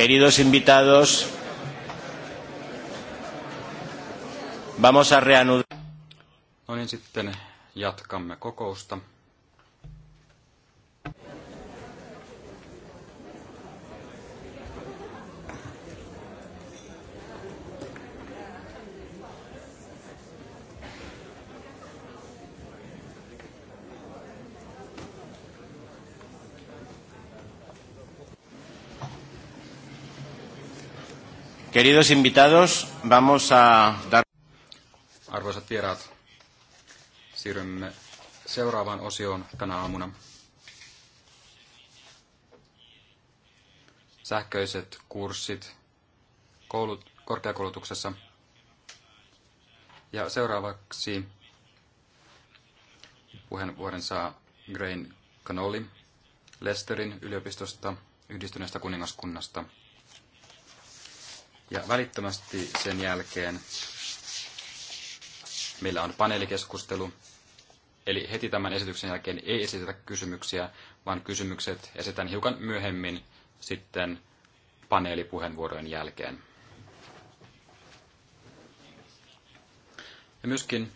Queridos invitados, vamos a reanudar. No niin, sitten jatkamme kokousta. Queridos invitados, vamos a dar... Arvoisat vieraat, siirrymme seuraavaan osioon tänä aamuna. Sähköiset kurssit koulut, korkeakoulutuksessa. Ja seuraavaksi puheenvuoron saa Grain Canoli Lesterin yliopistosta yhdistyneestä kuningaskunnasta – ja välittömästi sen jälkeen meillä on paneelikeskustelu. Eli heti tämän esityksen jälkeen ei esitetä kysymyksiä, vaan kysymykset esitän hiukan myöhemmin sitten paneelipuheenvuorojen jälkeen. Ja myöskin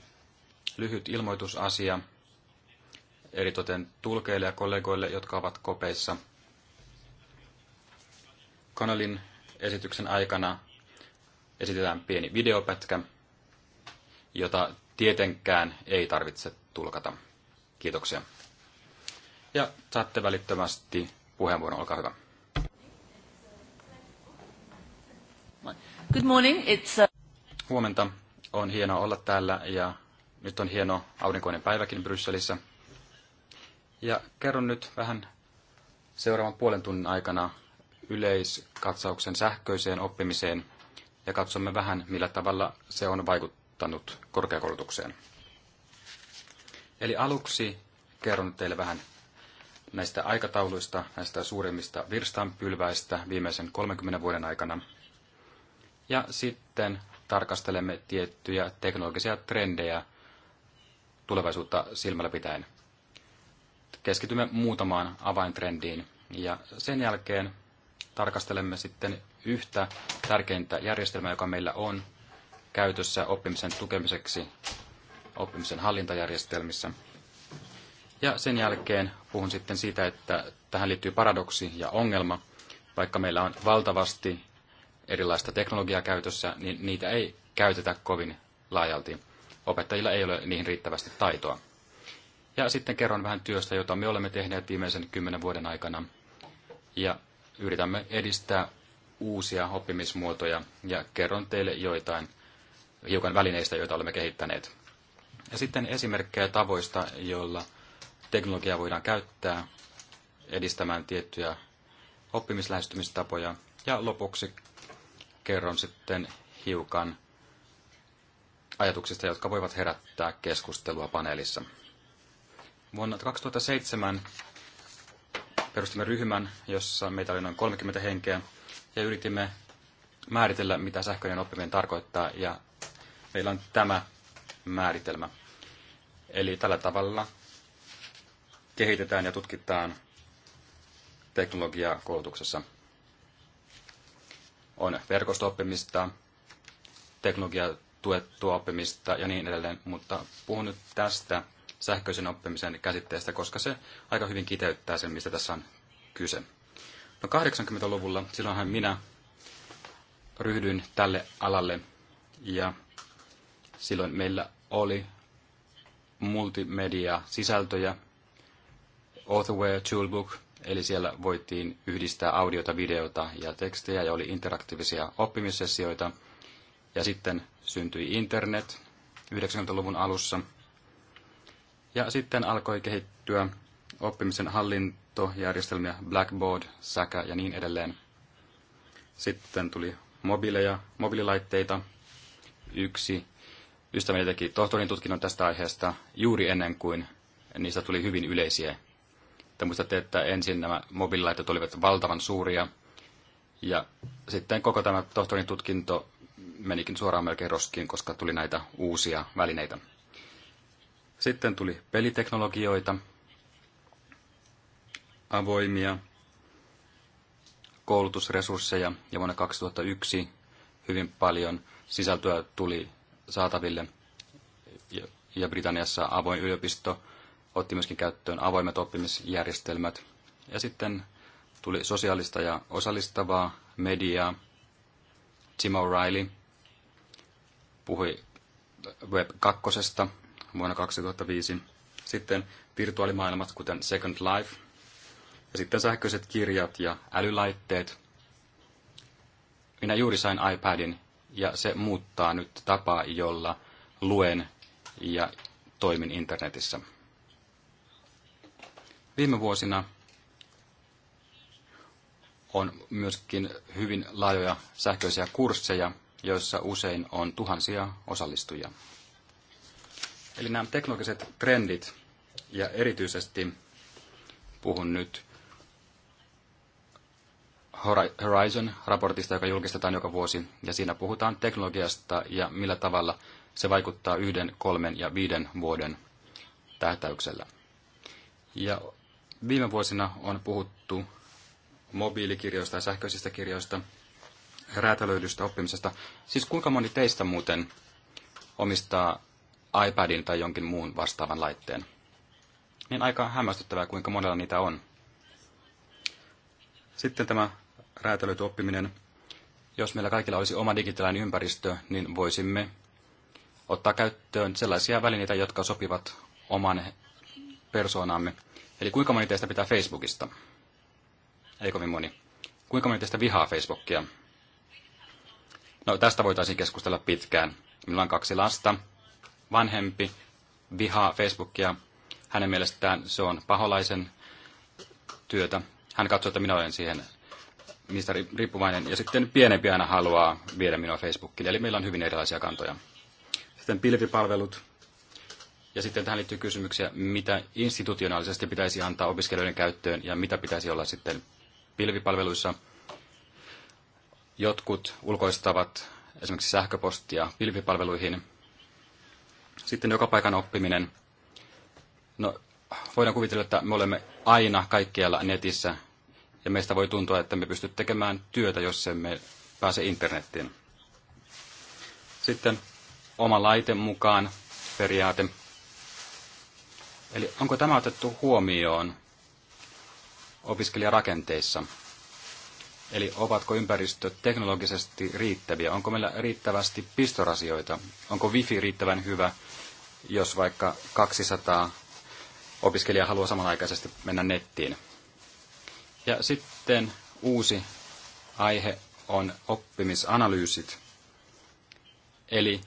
lyhyt ilmoitusasia eritoten tulkeille ja kollegoille, jotka ovat kopeissa. Kanalin esityksen aikana esitetään pieni videopätkä, jota tietenkään ei tarvitse tulkata. Kiitoksia. Ja saatte välittömästi puheenvuoron, olkaa hyvä. Good morning, it's a... Uh, Huomenta. On hienoa olla täällä ja nyt on hieno aurinkoinen päiväkin Brysselissä. Ja kerron nyt vähän seuraavan puolen tunnin aikana yleiskatsauksen sähköiseen oppimiseen ja katsomme vähän, millä tavalla se on vaikuttanut korkeakoulutukseen. Eli aluksi kerron teille vähän näistä aikatauluista, näistä suurimmista virstanpylväistä viimeisen 30 vuoden aikana. Ja sitten tarkastelemme tiettyjä teknologisia trendejä tulevaisuutta silmällä pitäen. Keskitymme muutamaan avaintrendiin ja sen jälkeen tarkastelemme sitten yhtä tärkeintä järjestelmää, joka meillä on käytössä oppimisen tukemiseksi oppimisen hallintajärjestelmissä. Ja sen jälkeen puhun sitten siitä, että tähän liittyy paradoksi ja ongelma. Vaikka meillä on valtavasti erilaista teknologiaa käytössä, niin niitä ei käytetä kovin laajalti. Opettajilla ei ole niihin riittävästi taitoa. Ja sitten kerron vähän työstä, jota me olemme tehneet viimeisen kymmenen vuoden aikana. Ja yritämme edistää uusia oppimismuotoja ja kerron teille joitain hiukan välineistä, joita olemme kehittäneet. Ja sitten esimerkkejä tavoista, joilla teknologiaa voidaan käyttää edistämään tiettyjä oppimislähestymistapoja. Ja lopuksi kerron sitten hiukan ajatuksista, jotka voivat herättää keskustelua paneelissa. Vuonna 2007 perustimme ryhmän, jossa meitä oli noin 30 henkeä, ja yritimme määritellä, mitä sähköinen oppiminen tarkoittaa, ja meillä on tämä määritelmä. Eli tällä tavalla kehitetään ja tutkitaan teknologiaa koulutuksessa. On verkosto-oppimista, teknologiatuettua oppimista ja niin edelleen, mutta puhun nyt tästä sähköisen oppimisen käsitteestä, koska se aika hyvin kiteyttää sen, mistä tässä on kyse. No 80-luvulla, silloinhan minä ryhdyin tälle alalle ja silloin meillä oli multimedia-sisältöjä, Authorware Toolbook, eli siellä voitiin yhdistää audiota, videota ja tekstejä ja oli interaktiivisia oppimissessioita. Ja sitten syntyi internet 90-luvun alussa – ja sitten alkoi kehittyä oppimisen hallintojärjestelmiä, Blackboard, Säkä ja niin edelleen. Sitten tuli mobiileja, mobiililaitteita. Yksi ystäväni teki tohtorin tutkinnon tästä aiheesta juuri ennen kuin niistä tuli hyvin yleisiä. Te muistatte, että ensin nämä mobiililaitteet olivat valtavan suuria, ja sitten koko tämä tohtorin tutkinto menikin suoraan melkein roskiin, koska tuli näitä uusia välineitä. Sitten tuli peliteknologioita, avoimia koulutusresursseja ja vuonna 2001 hyvin paljon sisältöä tuli saataville ja Britanniassa avoin yliopisto otti myöskin käyttöön avoimet oppimisjärjestelmät ja sitten tuli sosiaalista ja osallistavaa mediaa. Tim O'Reilly puhui Web 2 vuonna 2005. Sitten virtuaalimaailmat, kuten Second Life. Ja sitten sähköiset kirjat ja älylaitteet. Minä juuri sain iPadin ja se muuttaa nyt tapaa, jolla luen ja toimin internetissä. Viime vuosina on myöskin hyvin laajoja sähköisiä kursseja, joissa usein on tuhansia osallistujia. Eli nämä teknologiset trendit, ja erityisesti puhun nyt Horizon-raportista, joka julkistetaan joka vuosi, ja siinä puhutaan teknologiasta ja millä tavalla se vaikuttaa yhden, kolmen ja viiden vuoden tähtäyksellä. Ja viime vuosina on puhuttu mobiilikirjoista ja sähköisistä kirjoista, räätälöidystä oppimisesta. Siis kuinka moni teistä muuten omistaa iPadin tai jonkin muun vastaavan laitteen. Niin aika hämmästyttävää, kuinka monella niitä on. Sitten tämä räätälöity oppiminen. Jos meillä kaikilla olisi oma digitaalinen ympäristö, niin voisimme ottaa käyttöön sellaisia välineitä, jotka sopivat oman persoonaamme. Eli kuinka moni teistä pitää Facebookista? Ei kovin moni. Kuinka moni teistä vihaa Facebookia? No tästä voitaisiin keskustella pitkään. Minulla on kaksi lasta, vanhempi vihaa Facebookia, hänen mielestään se on paholaisen työtä. Hän katsoo, että minä olen siihen mistä riippuvainen. Ja sitten pienempi aina haluaa viedä minua Facebookille. Eli meillä on hyvin erilaisia kantoja. Sitten pilvipalvelut. Ja sitten tähän liittyy kysymyksiä, mitä institutionaalisesti pitäisi antaa opiskelijoiden käyttöön ja mitä pitäisi olla sitten pilvipalveluissa. Jotkut ulkoistavat esimerkiksi sähköpostia pilvipalveluihin – sitten joka paikan oppiminen. No, voidaan kuvitella, että me olemme aina kaikkialla netissä, ja meistä voi tuntua, että me pystyt tekemään työtä, jos emme pääse internettiin. Sitten oma laite mukaan periaate. Eli onko tämä otettu huomioon opiskelijarakenteissa? Eli ovatko ympäristöt teknologisesti riittäviä? Onko meillä riittävästi pistorasioita? Onko wifi riittävän hyvä, jos vaikka 200 opiskelijaa haluaa samanaikaisesti mennä nettiin? Ja sitten uusi aihe on oppimisanalyysit. Eli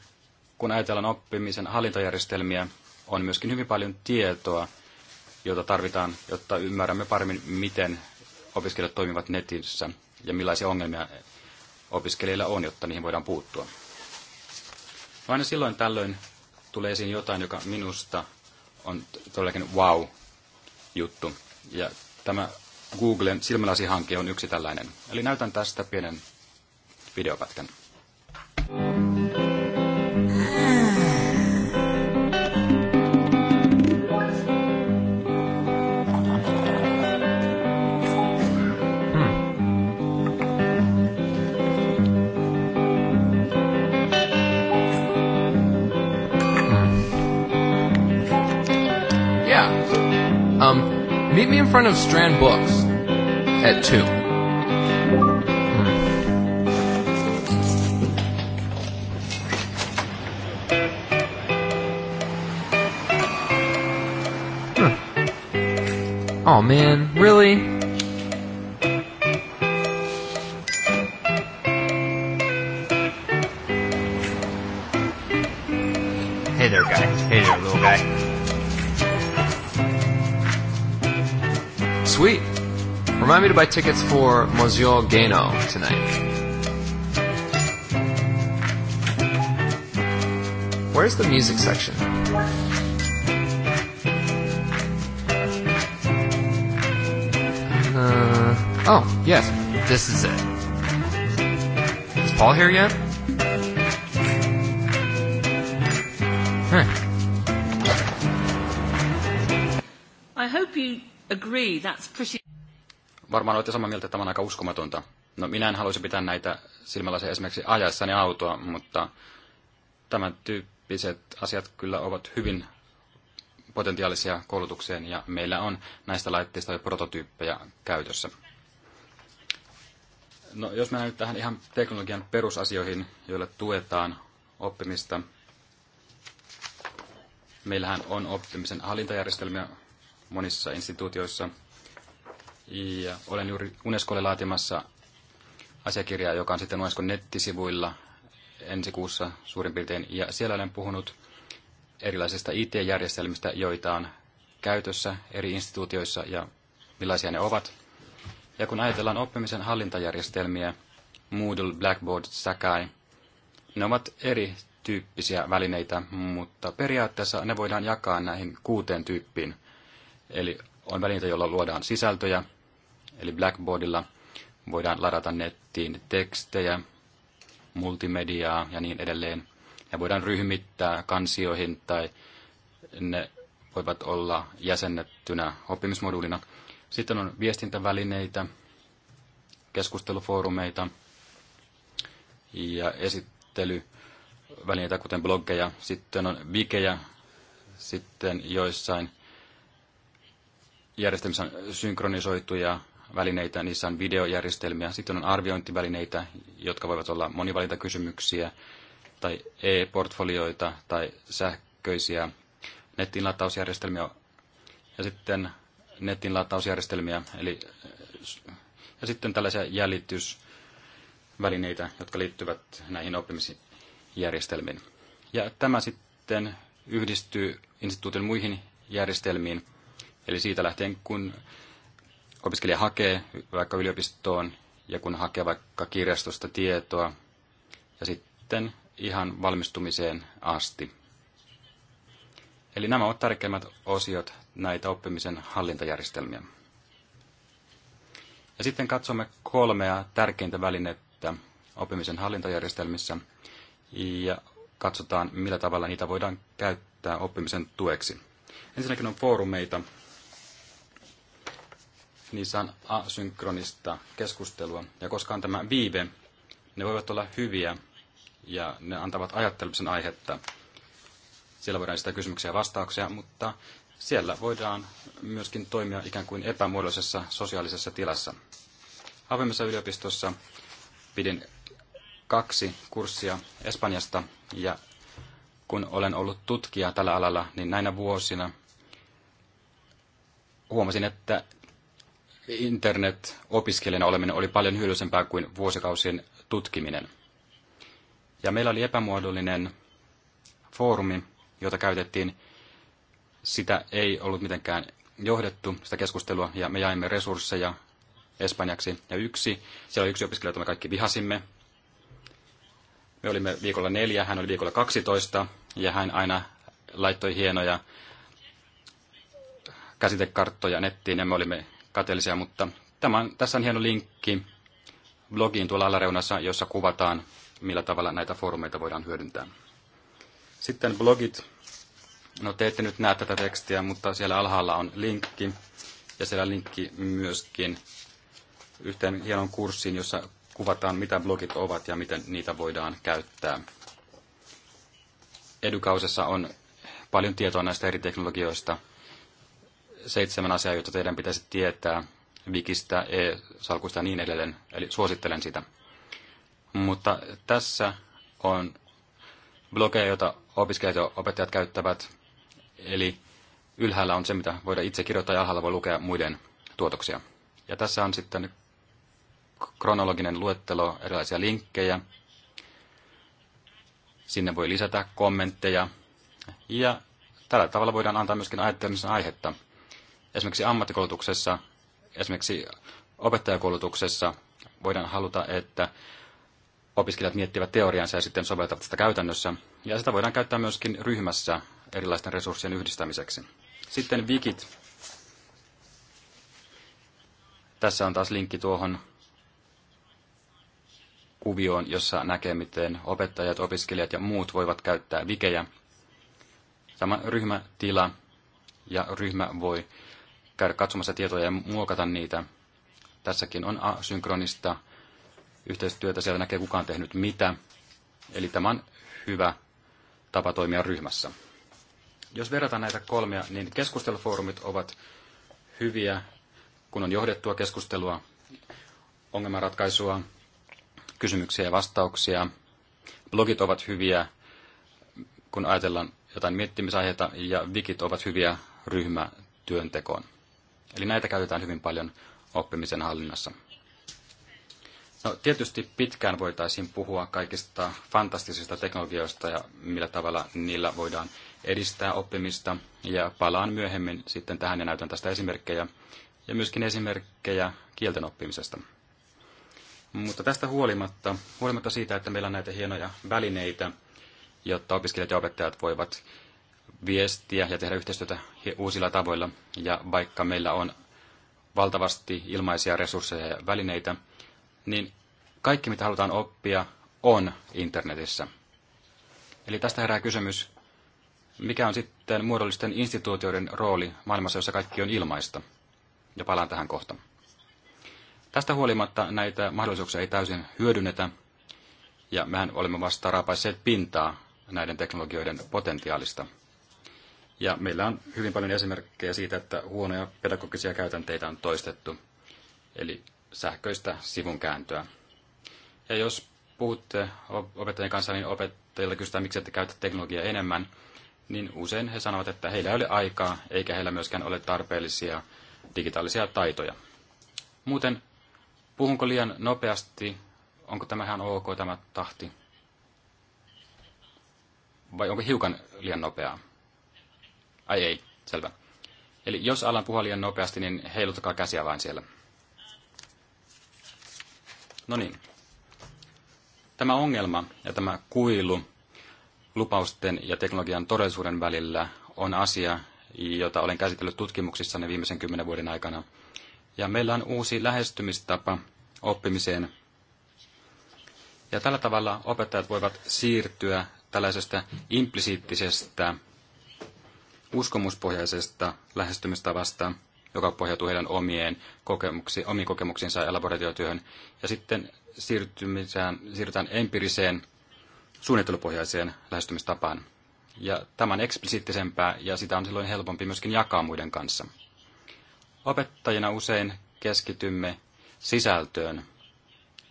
kun ajatellaan oppimisen hallintajärjestelmiä, on myöskin hyvin paljon tietoa, jota tarvitaan, jotta ymmärrämme paremmin, miten opiskelijat toimivat netissä ja millaisia ongelmia opiskelijoilla on, jotta niihin voidaan puuttua. No aina silloin tällöin tulee esiin jotain, joka minusta on todellakin wow-juttu. Ja tämä Googlen silmälasihanke on yksi tällainen. Eli näytän tästä pienen videopätkän. Mm. Meet me in front of Strand Books at 2. Hmm. Hmm. Oh man, really? Remind me to buy tickets for Monsieur Gano tonight. Where's the music section? Uh, oh, yes, this is it. Is Paul here yet? Huh. I hope you agree that's pretty varmaan olette samaa mieltä, että tämä on aika uskomatonta. No minä en haluaisi pitää näitä silmälaisia esimerkiksi ajassani autoa, mutta tämän tyyppiset asiat kyllä ovat hyvin potentiaalisia koulutukseen ja meillä on näistä laitteista jo prototyyppejä käytössä. No, jos mennään nyt tähän ihan teknologian perusasioihin, joilla tuetaan oppimista. Meillähän on oppimisen hallintajärjestelmiä monissa instituutioissa – ja olen juuri Unescolle laatimassa asiakirjaa, joka on sitten Unescon nettisivuilla ensi kuussa suurin piirtein. Ja siellä olen puhunut erilaisista IT-järjestelmistä, joita on käytössä eri instituutioissa ja millaisia ne ovat. Ja kun ajatellaan oppimisen hallintajärjestelmiä, Moodle, Blackboard, Sakai, ne ovat eri tyyppisiä välineitä, mutta periaatteessa ne voidaan jakaa näihin kuuteen tyyppiin. Eli on välineitä, joilla luodaan sisältöjä, eli Blackboardilla voidaan ladata nettiin tekstejä, multimediaa ja niin edelleen. Ja voidaan ryhmittää kansioihin tai ne voivat olla jäsennettynä oppimismoduulina. Sitten on viestintävälineitä, keskustelufoorumeita ja esittelyvälineitä, kuten bloggeja. Sitten on vikejä, sitten joissain järjestelmissä on synkronisoituja välineitä, niissä on videojärjestelmiä, sitten on arviointivälineitä, jotka voivat olla monivalintakysymyksiä tai e-portfolioita tai sähköisiä netin latausjärjestelmiä ja sitten netin latausjärjestelmiä eli, ja sitten tällaisia jäljitysvälineitä, jotka liittyvät näihin oppimisjärjestelmiin. Ja tämä sitten yhdistyy instituutin muihin järjestelmiin, eli siitä lähtien kun opiskelija hakee vaikka yliopistoon ja kun hakee vaikka kirjastosta tietoa ja sitten ihan valmistumiseen asti. Eli nämä ovat tärkeimmät osiot näitä oppimisen hallintajärjestelmiä. Ja sitten katsomme kolmea tärkeintä välinettä oppimisen hallintajärjestelmissä ja katsotaan, millä tavalla niitä voidaan käyttää oppimisen tueksi. Ensinnäkin on foorumeita, niissä on asynkronista keskustelua. Ja koska on tämä viive, ne voivat olla hyviä ja ne antavat ajattelemisen aihetta. Siellä voidaan sitä kysymyksiä ja vastauksia, mutta siellä voidaan myöskin toimia ikään kuin epämuodollisessa sosiaalisessa tilassa. Avoimessa yliopistossa pidin kaksi kurssia Espanjasta ja kun olen ollut tutkija tällä alalla, niin näinä vuosina huomasin, että internet-opiskelijana oleminen oli paljon hyödyllisempää kuin vuosikausien tutkiminen. Ja meillä oli epämuodollinen foorumi, jota käytettiin. Sitä ei ollut mitenkään johdettu, sitä keskustelua, ja me jaimme resursseja espanjaksi. Ja yksi, siellä oli yksi opiskelija, jota me kaikki vihasimme. Me olimme viikolla neljä, hän oli viikolla 12, ja hän aina laittoi hienoja käsitekarttoja nettiin, ja me olimme kateellisia, mutta tämän, tässä on hieno linkki blogiin tuolla alareunassa, jossa kuvataan, millä tavalla näitä foorumeita voidaan hyödyntää. Sitten blogit. No te ette nyt näe tätä tekstiä, mutta siellä alhaalla on linkki. Ja siellä on linkki myöskin yhteen hienon kurssiin, jossa kuvataan, mitä blogit ovat ja miten niitä voidaan käyttää. Edukausessa on paljon tietoa näistä eri teknologioista – seitsemän asiaa, joita teidän pitäisi tietää Wikistä, e-salkuista ja niin edelleen, eli suosittelen sitä. Mutta tässä on blogeja, joita opiskelijat ja opettajat käyttävät, eli ylhäällä on se, mitä voidaan itse kirjoittaa ja alhaalla voi lukea muiden tuotoksia. Ja tässä on sitten kronologinen luettelo erilaisia linkkejä. Sinne voi lisätä kommentteja. Ja tällä tavalla voidaan antaa myöskin ajattelemisen aihetta. Esimerkiksi ammattikoulutuksessa, esimerkiksi opettajakoulutuksessa voidaan haluta, että opiskelijat miettivät teoriansa ja sitten soveltavat sitä käytännössä. Ja sitä voidaan käyttää myöskin ryhmässä erilaisten resurssien yhdistämiseksi. Sitten wikit. Tässä on taas linkki tuohon kuvioon, jossa näkee, miten opettajat, opiskelijat ja muut voivat käyttää vikejä. Tämä ryhmätila ja ryhmä voi käydä katsomassa tietoja ja muokata niitä. Tässäkin on asynkronista yhteistyötä, siellä näkee kukaan tehnyt mitä. Eli tämä on hyvä tapa toimia ryhmässä. Jos verrataan näitä kolmea, niin keskustelufoorumit ovat hyviä, kun on johdettua keskustelua, ongelmanratkaisua, kysymyksiä ja vastauksia. Blogit ovat hyviä, kun ajatellaan jotain miettimisaiheita, ja wikit ovat hyviä ryhmätyöntekoon. Eli näitä käytetään hyvin paljon oppimisen hallinnassa. No, tietysti pitkään voitaisiin puhua kaikista fantastisista teknologioista ja millä tavalla niillä voidaan edistää oppimista. Ja palaan myöhemmin sitten tähän ja näytän tästä esimerkkejä ja myöskin esimerkkejä kielten oppimisesta. Mutta tästä huolimatta, huolimatta siitä, että meillä on näitä hienoja välineitä, jotta opiskelijat ja opettajat voivat viestiä ja tehdä yhteistyötä uusilla tavoilla. Ja vaikka meillä on valtavasti ilmaisia resursseja ja välineitä, niin kaikki mitä halutaan oppia on internetissä. Eli tästä herää kysymys, mikä on sitten muodollisten instituutioiden rooli maailmassa, jossa kaikki on ilmaista? Ja palaan tähän kohta. Tästä huolimatta näitä mahdollisuuksia ei täysin hyödynnetä, ja mehän olemme vasta raapaisseet pintaa näiden teknologioiden potentiaalista. Ja meillä on hyvin paljon esimerkkejä siitä, että huonoja pedagogisia käytänteitä on toistettu, eli sähköistä sivunkääntöä. Ja jos puhutte opettajien kanssa, niin opettajille kysytään, miksi ette käytä teknologiaa enemmän, niin usein he sanovat, että heillä ei ole aikaa, eikä heillä myöskään ole tarpeellisia digitaalisia taitoja. Muuten, puhunko liian nopeasti? Onko tämä ihan ok tämä tahti? Vai onko hiukan liian nopeaa? Ai ei, selvä. Eli jos alan puhua liian nopeasti, niin heiluttakaa käsiä vain siellä. No niin. Tämä ongelma ja tämä kuilu lupausten ja teknologian todellisuuden välillä on asia, jota olen käsitellyt tutkimuksissani viimeisen kymmenen vuoden aikana. Ja meillä on uusi lähestymistapa oppimiseen. Ja tällä tavalla opettajat voivat siirtyä tällaisesta implisiittisestä uskomuspohjaisesta lähestymistavasta, joka pohjautuu heidän omien kokemuksi, omiin kokemuksiinsa elaboratiotyöhön, ja sitten siirrytään empiriseen suunnittelupohjaiseen lähestymistapaan. Ja tämä on eksplisiittisempää, ja sitä on silloin helpompi myöskin jakaa muiden kanssa. Opettajina usein keskitymme sisältöön,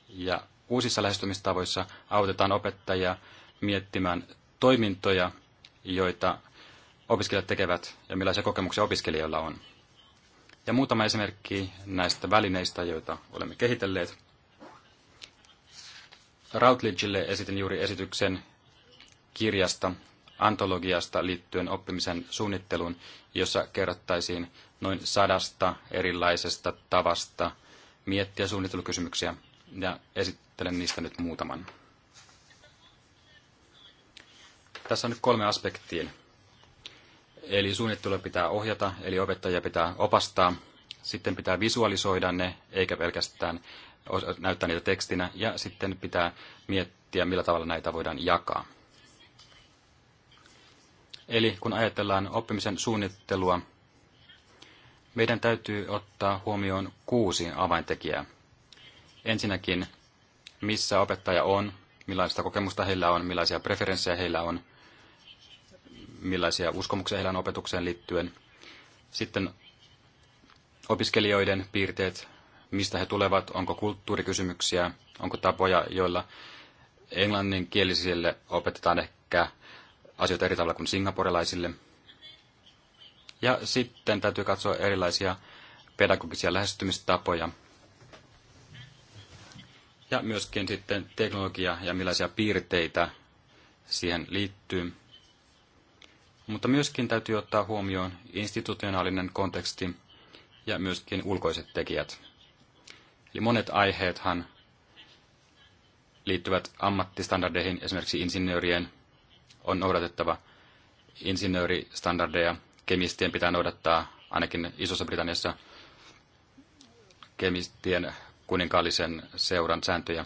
ja uusissa lähestymistavoissa autetaan opettajia miettimään toimintoja, joita opiskelijat tekevät ja millaisia kokemuksia opiskelijoilla on. Ja muutama esimerkki näistä välineistä, joita olemme kehitelleet. Routledgelle esitin juuri esityksen kirjasta, antologiasta liittyen oppimisen suunnitteluun, jossa kerrottaisiin noin sadasta erilaisesta tavasta miettiä suunnittelukysymyksiä, ja esittelen niistä nyt muutaman. Tässä on nyt kolme aspektia Eli suunnittelua pitää ohjata, eli opettajia pitää opastaa. Sitten pitää visualisoida ne, eikä pelkästään näyttää niitä tekstinä. Ja sitten pitää miettiä, millä tavalla näitä voidaan jakaa. Eli kun ajatellaan oppimisen suunnittelua, meidän täytyy ottaa huomioon kuusi avaintekijää. Ensinnäkin, missä opettaja on, millaista kokemusta heillä on, millaisia preferenssejä heillä on – millaisia uskomuksia heillä on opetukseen liittyen. Sitten opiskelijoiden piirteet, mistä he tulevat, onko kulttuurikysymyksiä, onko tapoja, joilla englanninkielisille opetetaan ehkä asioita eri tavalla kuin singaporelaisille. Ja sitten täytyy katsoa erilaisia pedagogisia lähestymistapoja. Ja myöskin sitten teknologia ja millaisia piirteitä siihen liittyy. Mutta myöskin täytyy ottaa huomioon institutionaalinen konteksti ja myöskin ulkoiset tekijät. Eli monet aiheethan liittyvät ammattistandardeihin, esimerkiksi insinöörien on noudatettava insinööristandardeja, kemistien pitää noudattaa ainakin Isossa Britanniassa kemistien kuninkaallisen seuran sääntöjä.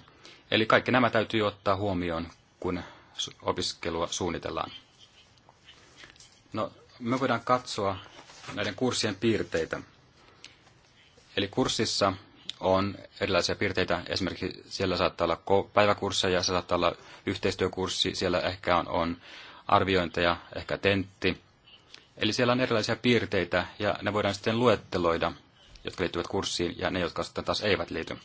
Eli kaikki nämä täytyy ottaa huomioon, kun opiskelua suunnitellaan. No, me voidaan katsoa näiden kurssien piirteitä. Eli kurssissa on erilaisia piirteitä. Esimerkiksi siellä saattaa olla päiväkursseja, siellä saattaa olla yhteistyökurssi, siellä ehkä on, on arviointeja, ehkä tentti. Eli siellä on erilaisia piirteitä ja ne voidaan sitten luetteloida, jotka liittyvät kurssiin ja ne, jotka sitten taas eivät liity.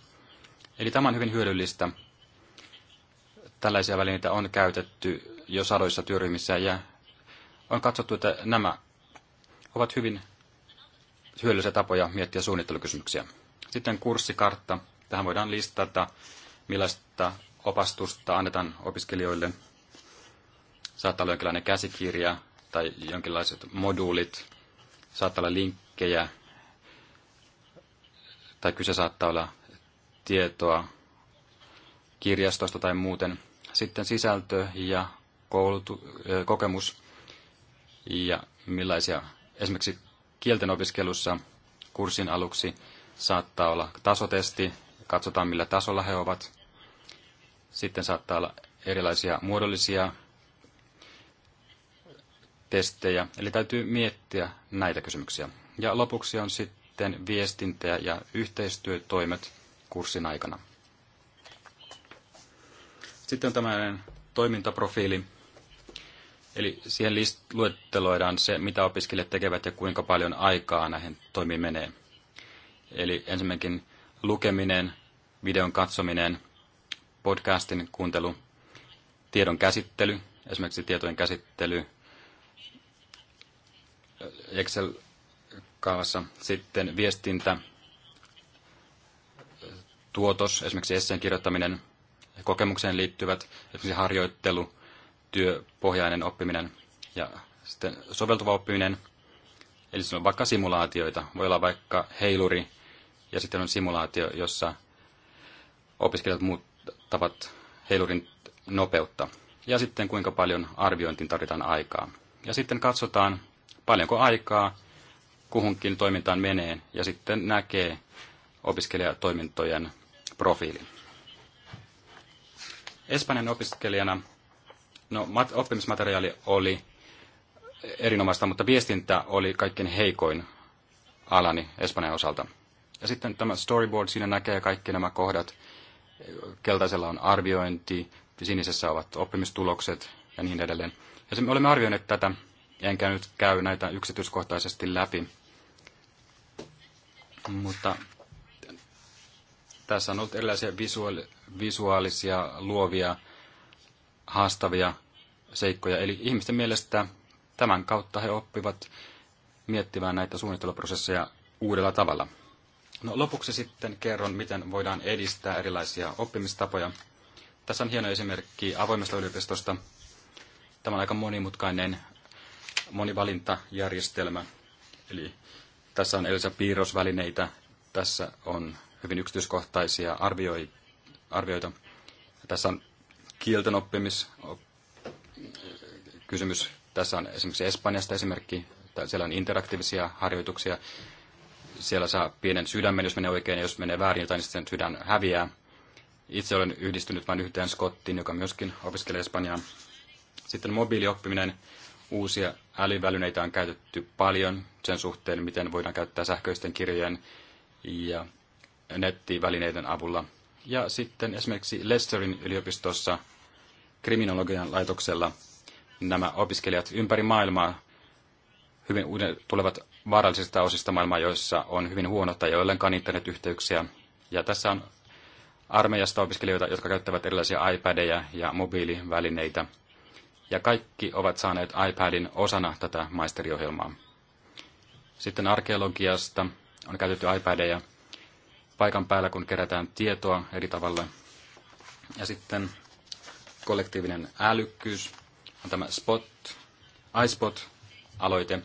Eli tämä on hyvin hyödyllistä. Tällaisia välineitä on käytetty jo sadoissa työryhmissä ja on katsottu, että nämä ovat hyvin hyödyllisiä tapoja miettiä suunnittelukysymyksiä. Sitten kurssikartta. Tähän voidaan listata, millaista opastusta annetaan opiskelijoille. Saattaa olla jonkinlainen käsikirja tai jonkinlaiset moduulit. Saattaa olla linkkejä tai kyse saattaa olla tietoa kirjastosta tai muuten. Sitten sisältö ja koulutu- kokemus ja millaisia esimerkiksi kielten opiskelussa kurssin aluksi saattaa olla tasotesti, katsotaan millä tasolla he ovat. Sitten saattaa olla erilaisia muodollisia testejä, eli täytyy miettiä näitä kysymyksiä. Ja lopuksi on sitten viestintä ja yhteistyötoimet kurssin aikana. Sitten on tämmöinen toimintaprofiili. Eli siihen list- luetteloidaan se, mitä opiskelijat tekevät ja kuinka paljon aikaa näihin toimiin menee. Eli ensinnäkin lukeminen, videon katsominen, podcastin kuuntelu, tiedon käsittely, esimerkiksi tietojen käsittely Excel-kaavassa, sitten viestintä, tuotos, esimerkiksi esseen kirjoittaminen, kokemukseen liittyvät, esimerkiksi harjoittelu, työpohjainen oppiminen ja sitten soveltuva oppiminen. Eli se on vaikka simulaatioita. Voi olla vaikka heiluri ja sitten on simulaatio, jossa opiskelijat muuttavat heilurin nopeutta. Ja sitten kuinka paljon arviointiin tarvitaan aikaa. Ja sitten katsotaan, paljonko aikaa kuhunkin toimintaan menee ja sitten näkee opiskelijatoimintojen profiilin. Espanjan opiskelijana No, mat- oppimismateriaali oli erinomaista, mutta viestintä oli kaikkein heikoin alani Espanjan osalta. Ja sitten tämä storyboard, siinä näkee kaikki nämä kohdat. Keltaisella on arviointi, sinisessä ovat oppimistulokset ja niin edelleen. Ja me olemme arvioineet tätä, enkä nyt käy näitä yksityiskohtaisesti läpi. Mutta tässä on ollut erilaisia visuaali- visuaalisia luovia haastavia seikkoja. Eli ihmisten mielestä tämän kautta he oppivat miettimään näitä suunnitteluprosesseja uudella tavalla. No, lopuksi sitten kerron, miten voidaan edistää erilaisia oppimistapoja. Tässä on hieno esimerkki avoimesta yliopistosta. Tämä on aika monimutkainen monivalintajärjestelmä. Eli tässä on erilaisia piirrosvälineitä, tässä on hyvin yksityiskohtaisia arvioi, arvioita. Tässä on kielten oppimis kysymys. Tässä on esimerkiksi Espanjasta esimerkki. Siellä on interaktiivisia harjoituksia. Siellä saa pienen sydämen, jos menee oikein, ja jos menee väärin jotain, niin sen sydän häviää. Itse olen yhdistynyt vain yhteen skottiin, joka myöskin opiskelee Espanjaa. Sitten mobiilioppiminen. Uusia älyvälyneitä on käytetty paljon sen suhteen, miten voidaan käyttää sähköisten kirjojen ja nettivälineiden avulla ja sitten esimerkiksi Leicesterin yliopistossa kriminologian laitoksella nämä opiskelijat ympäri maailmaa hyvin uuden, tulevat vaarallisista osista maailmaa, joissa on hyvin huono tai ei internetyhteyksiä. Ja tässä on armeijasta opiskelijoita, jotka käyttävät erilaisia iPadeja ja mobiilivälineitä. Ja kaikki ovat saaneet iPadin osana tätä maisteriohjelmaa. Sitten arkeologiasta on käytetty iPadeja paikan päällä, kun kerätään tietoa eri tavalla. Ja sitten kollektiivinen älykkyys on tämä SPOT, iSpot-aloite.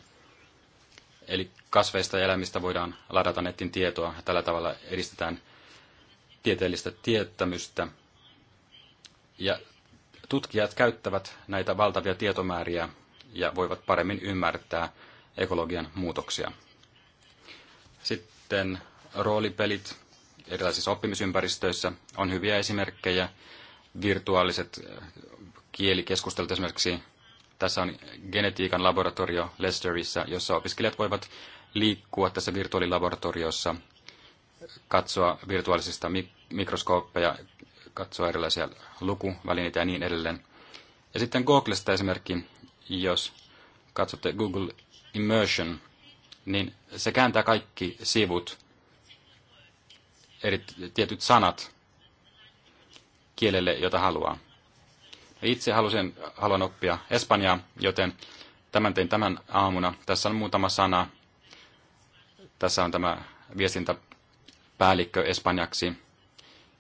Eli kasveista ja elämistä voidaan ladata netin tietoa tällä tavalla edistetään tieteellistä tietämystä. Ja tutkijat käyttävät näitä valtavia tietomääriä ja voivat paremmin ymmärtää ekologian muutoksia. Sitten roolipelit erilaisissa oppimisympäristöissä on hyviä esimerkkejä. Virtuaaliset äh, kielikeskustelut esimerkiksi. Tässä on genetiikan laboratorio Leicesterissä, jossa opiskelijat voivat liikkua tässä virtuaalilaboratoriossa, katsoa virtuaalisista mikroskooppeja, katsoa erilaisia lukuvälineitä ja niin edelleen. Ja sitten Googlesta esimerkki, jos katsotte Google Immersion, niin se kääntää kaikki sivut eri, tietyt sanat kielelle, jota haluaa. Itse halusin, haluan oppia espanjaa, joten tämän tein tämän aamuna. Tässä on muutama sana. Tässä on tämä viestintäpäällikkö espanjaksi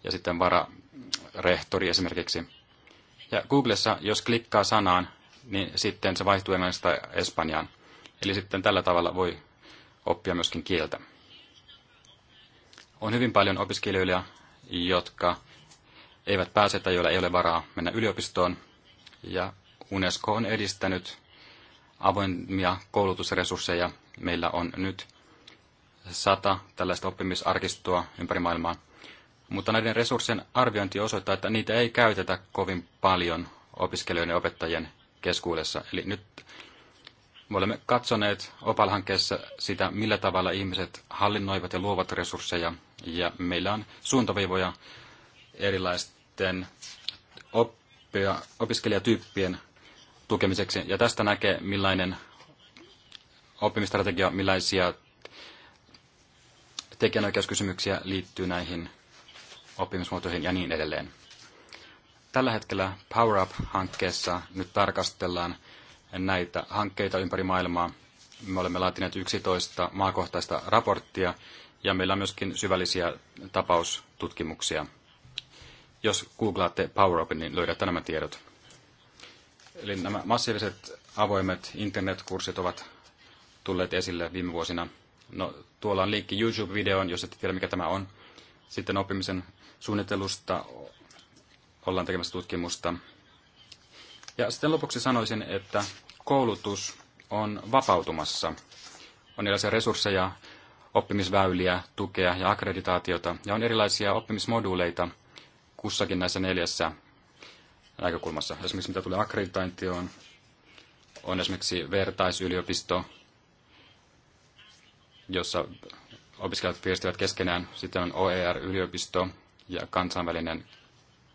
ja sitten vararehtori esimerkiksi. Ja Googlessa, jos klikkaa sanaan, niin sitten se vaihtuu englannista espanjaan. Eli sitten tällä tavalla voi oppia myöskin kieltä. On hyvin paljon opiskelijoita, jotka eivät pääse tai joilla ei ole varaa mennä yliopistoon. Ja UNESCO on edistänyt avoimia koulutusresursseja. Meillä on nyt sata tällaista oppimisarkistoa ympäri maailmaa. Mutta näiden resurssien arviointi osoittaa, että niitä ei käytetä kovin paljon opiskelijoiden ja opettajien keskuudessa. Eli nyt me olemme katsoneet opal sitä, millä tavalla ihmiset hallinnoivat ja luovat resursseja ja meillä on suuntaviivoja erilaisten oppia, opiskelijatyyppien tukemiseksi. Ja tästä näkee, millainen oppimistrategia, millaisia tekijänoikeuskysymyksiä liittyy näihin oppimismuotoihin ja niin edelleen. Tällä hetkellä Power Up-hankkeessa nyt tarkastellaan näitä hankkeita ympäri maailmaa. Me olemme laatineet 11 maakohtaista raporttia ja meillä on myöskin syvällisiä tapaustutkimuksia. Jos googlaatte PowerUp, niin löydätte nämä tiedot. Eli nämä massiiviset avoimet internetkurssit ovat tulleet esille viime vuosina. No, tuolla on linkki YouTube-videoon, jos ette tiedä mikä tämä on. Sitten oppimisen suunnittelusta ollaan tekemässä tutkimusta. Ja sitten lopuksi sanoisin, että koulutus on vapautumassa. On erilaisia resursseja oppimisväyliä, tukea ja akkreditaatiota, ja on erilaisia oppimismoduuleita kussakin näissä neljässä näkökulmassa. Esimerkiksi mitä tulee akkreditaatioon, on esimerkiksi vertaisyliopisto, jossa opiskelijat viestivät keskenään. Sitten on OER-yliopisto ja kansainvälinen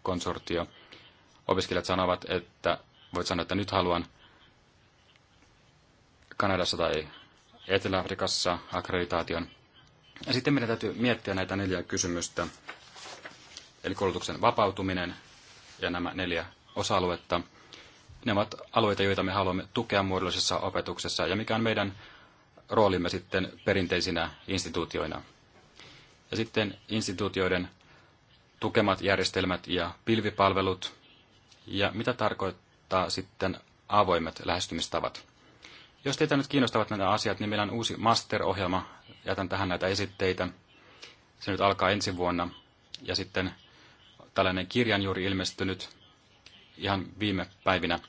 konsortio. Opiskelijat sanovat, että voit sanoa, että nyt haluan Kanadassa tai Etelä-Afrikassa akkreditaation. Ja sitten meidän täytyy miettiä näitä neljä kysymystä, eli koulutuksen vapautuminen ja nämä neljä osa-aluetta. Ne ovat alueita, joita me haluamme tukea muodollisessa opetuksessa ja mikä on meidän roolimme sitten perinteisinä instituutioina. Ja sitten instituutioiden tukemat järjestelmät ja pilvipalvelut ja mitä tarkoittaa sitten avoimet lähestymistavat. Jos teitä nyt kiinnostavat nämä asiat, niin meillä on uusi master-ohjelma. Jätän tähän näitä esitteitä. Se nyt alkaa ensi vuonna. Ja sitten tällainen kirjan juuri ilmestynyt ihan viime päivinä.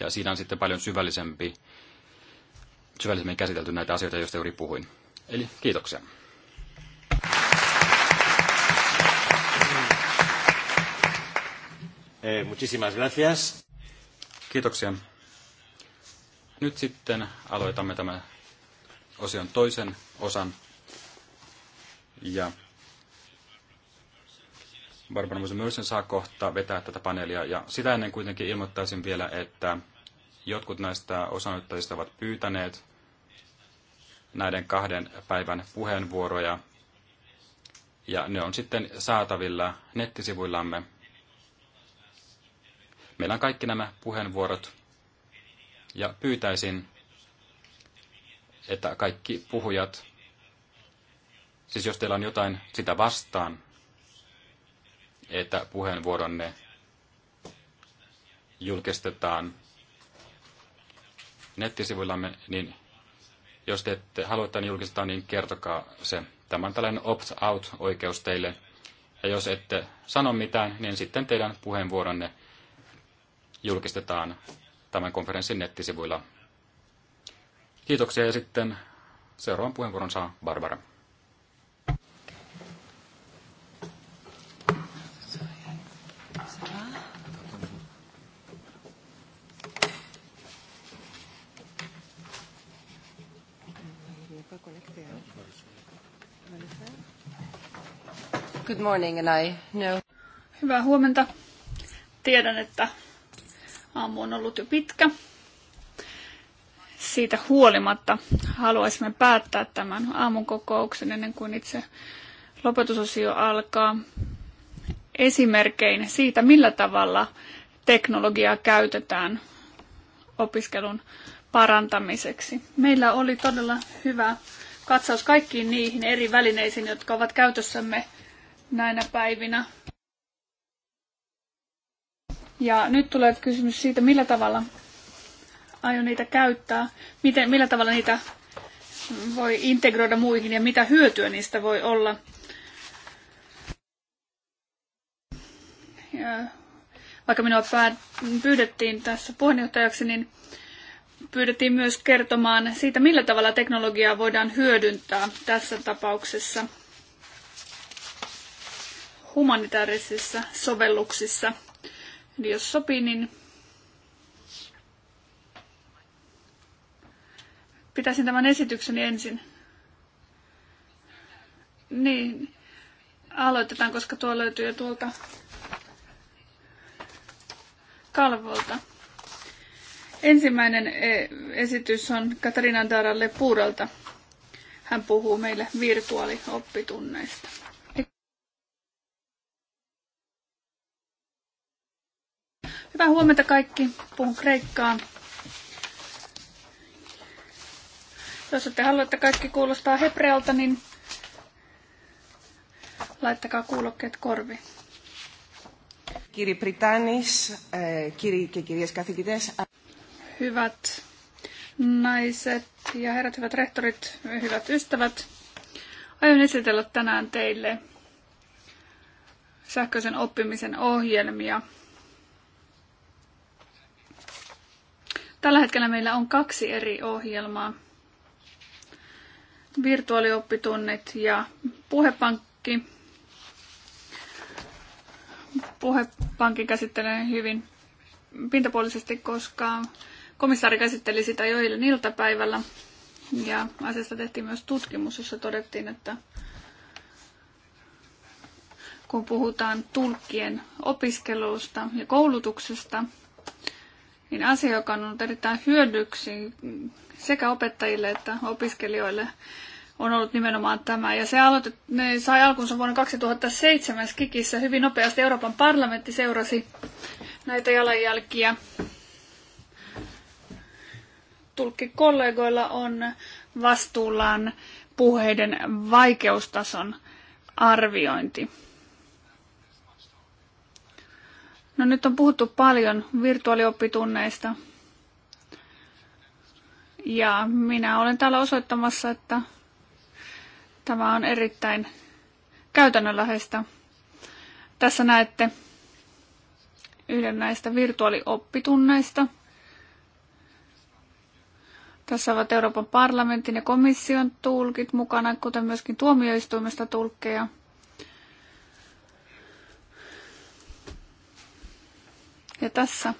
Ja siinä on sitten paljon syvällisempi, syvällisemmin käsitelty näitä asioita, joista juuri puhuin. Eli kiitoksia. Eh, muchísimas gracias. Kiitoksia. Nyt sitten aloitamme tämän osion toisen osan. Ja Barbara Musemyrsen saa kohta vetää tätä paneelia. Ja sitä ennen kuitenkin ilmoittaisin vielä, että jotkut näistä osanottajista ovat pyytäneet näiden kahden päivän puheenvuoroja. Ja ne on sitten saatavilla nettisivuillamme. Meillä on kaikki nämä puheenvuorot ja pyytäisin, että kaikki puhujat, siis jos teillä on jotain sitä vastaan, että puheenvuoronne julkistetaan nettisivuillamme, niin jos te ette halua tämän julkistaa, niin kertokaa se. Tämä on tällainen opt-out-oikeus teille. Ja jos ette sano mitään, niin sitten teidän puheenvuoronne julkistetaan tämän konferenssin nettisivuilla. Kiitoksia ja sitten seuraavan puheenvuoron saa Barbara. Good morning and I know. Hyvää huomenta. Tiedän, että Aamu on ollut jo pitkä. Siitä huolimatta haluaisimme päättää tämän aamun kokouksen ennen kuin itse lopetusosio alkaa esimerkkein siitä, millä tavalla teknologiaa käytetään opiskelun parantamiseksi. Meillä oli todella hyvä katsaus kaikkiin niihin eri välineisiin, jotka ovat käytössämme näinä päivinä – ja nyt tulee kysymys siitä, millä tavalla aion niitä käyttää, miten, millä tavalla niitä voi integroida muihin ja mitä hyötyä niistä voi olla. Ja vaikka minua pyydettiin tässä puheenjohtajaksi, niin pyydettiin myös kertomaan siitä, millä tavalla teknologiaa voidaan hyödyntää tässä tapauksessa humanitaarisissa sovelluksissa – Eli jos sopii, niin pitäisin tämän esityksen ensin. Niin, aloitetaan, koska tuo löytyy jo tuolta kalvolta. Ensimmäinen e, esitys on Katarina Daralle Puuralta. Hän puhuu meille virtuaalioppitunneista. Hyvää huomenta kaikki. Puhun kreikkaa. Jos te haluatte kaikki kuulostaa hebrealta, niin laittakaa kuulokkeet korvi. Kiri Britannis, kiri ja κυρίες καθηγητές. Hyvät naiset ja herrat, hyvät rehtorit, hyvät ystävät. Aion esitellä tänään teille sähköisen oppimisen ohjelmia Tällä hetkellä meillä on kaksi eri ohjelmaa. Virtuaalioppitunnit ja puhepankki. Puhepankki käsittelee hyvin pintapuolisesti, koska komissaari käsitteli sitä jo eilen iltapäivällä. Ja asiasta tehtiin myös tutkimus, jossa todettiin, että kun puhutaan tulkkien opiskelusta ja koulutuksesta, niin asia, joka on ollut erittäin hyödyksi sekä opettajille että opiskelijoille, on ollut nimenomaan tämä. Ja se aloite, ne sai alkunsa vuonna 2007 Kikissä. Hyvin nopeasti Euroopan parlamentti seurasi näitä jalanjälkiä. Tulkkikollegoilla on vastuullaan puheiden vaikeustason arviointi. No nyt on puhuttu paljon virtuaalioppitunneista. Ja minä olen täällä osoittamassa, että tämä on erittäin käytännönläheistä. Tässä näette yhden näistä virtuaalioppitunneista. Tässä ovat Euroopan parlamentin ja komission tulkit mukana, kuten myöskin tuomioistuimesta tulkkeja – Ja tässä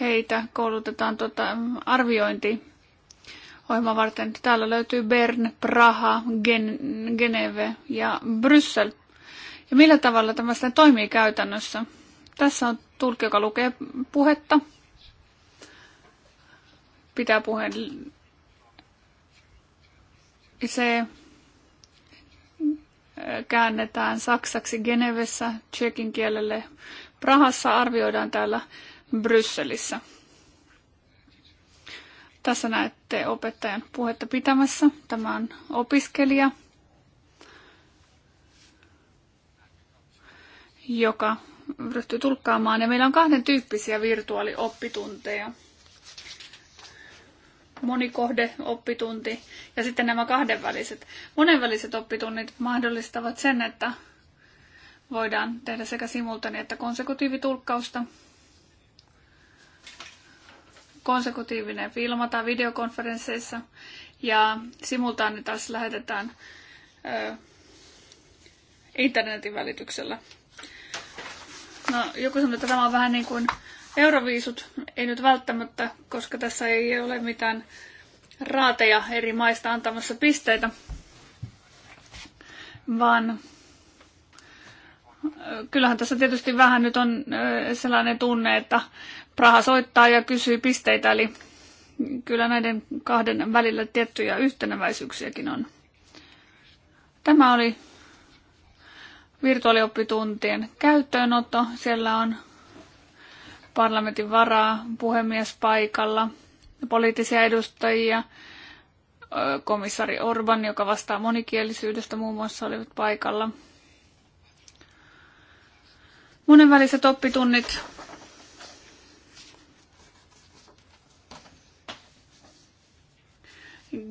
heitä koulutetaan tuota arviointi ohjelma varten. Täällä löytyy Bern, Praha, Gen- Geneve ja Bryssel. Ja millä tavalla tämä sitten toimii käytännössä? Tässä on tulkki, joka lukee puhetta, pitää puheen. Se käännetään saksaksi Genevessä, tsekin kielelle rahassa arvioidaan täällä Brysselissä. Tässä näette opettajan puhetta pitämässä. Tämä on opiskelija, joka ryhtyy tulkkaamaan. Ja meillä on kahden tyyppisiä virtuaalioppitunteja. Monikohdeoppitunti ja sitten nämä kahdenväliset. Monenväliset oppitunnit mahdollistavat sen, että voidaan tehdä sekä simultani että konsekutiivitulkkausta. Konsekutiivinen filmataan videokonferensseissa ja simultaani taas lähetetään ö, internetin välityksellä. No, joku sanoi, että tämä on vähän niin kuin euroviisut. Ei nyt välttämättä, koska tässä ei ole mitään raateja eri maista antamassa pisteitä, vaan kyllähän tässä tietysti vähän nyt on sellainen tunne, että Praha soittaa ja kysyy pisteitä, eli kyllä näiden kahden välillä tiettyjä yhtenäväisyyksiäkin on. Tämä oli virtuaalioppituntien käyttöönotto. Siellä on parlamentin varaa, puhemies paikalla, poliittisia edustajia, komissari Orban, joka vastaa monikielisyydestä muun muassa, olivat paikalla – monenväliset oppitunnit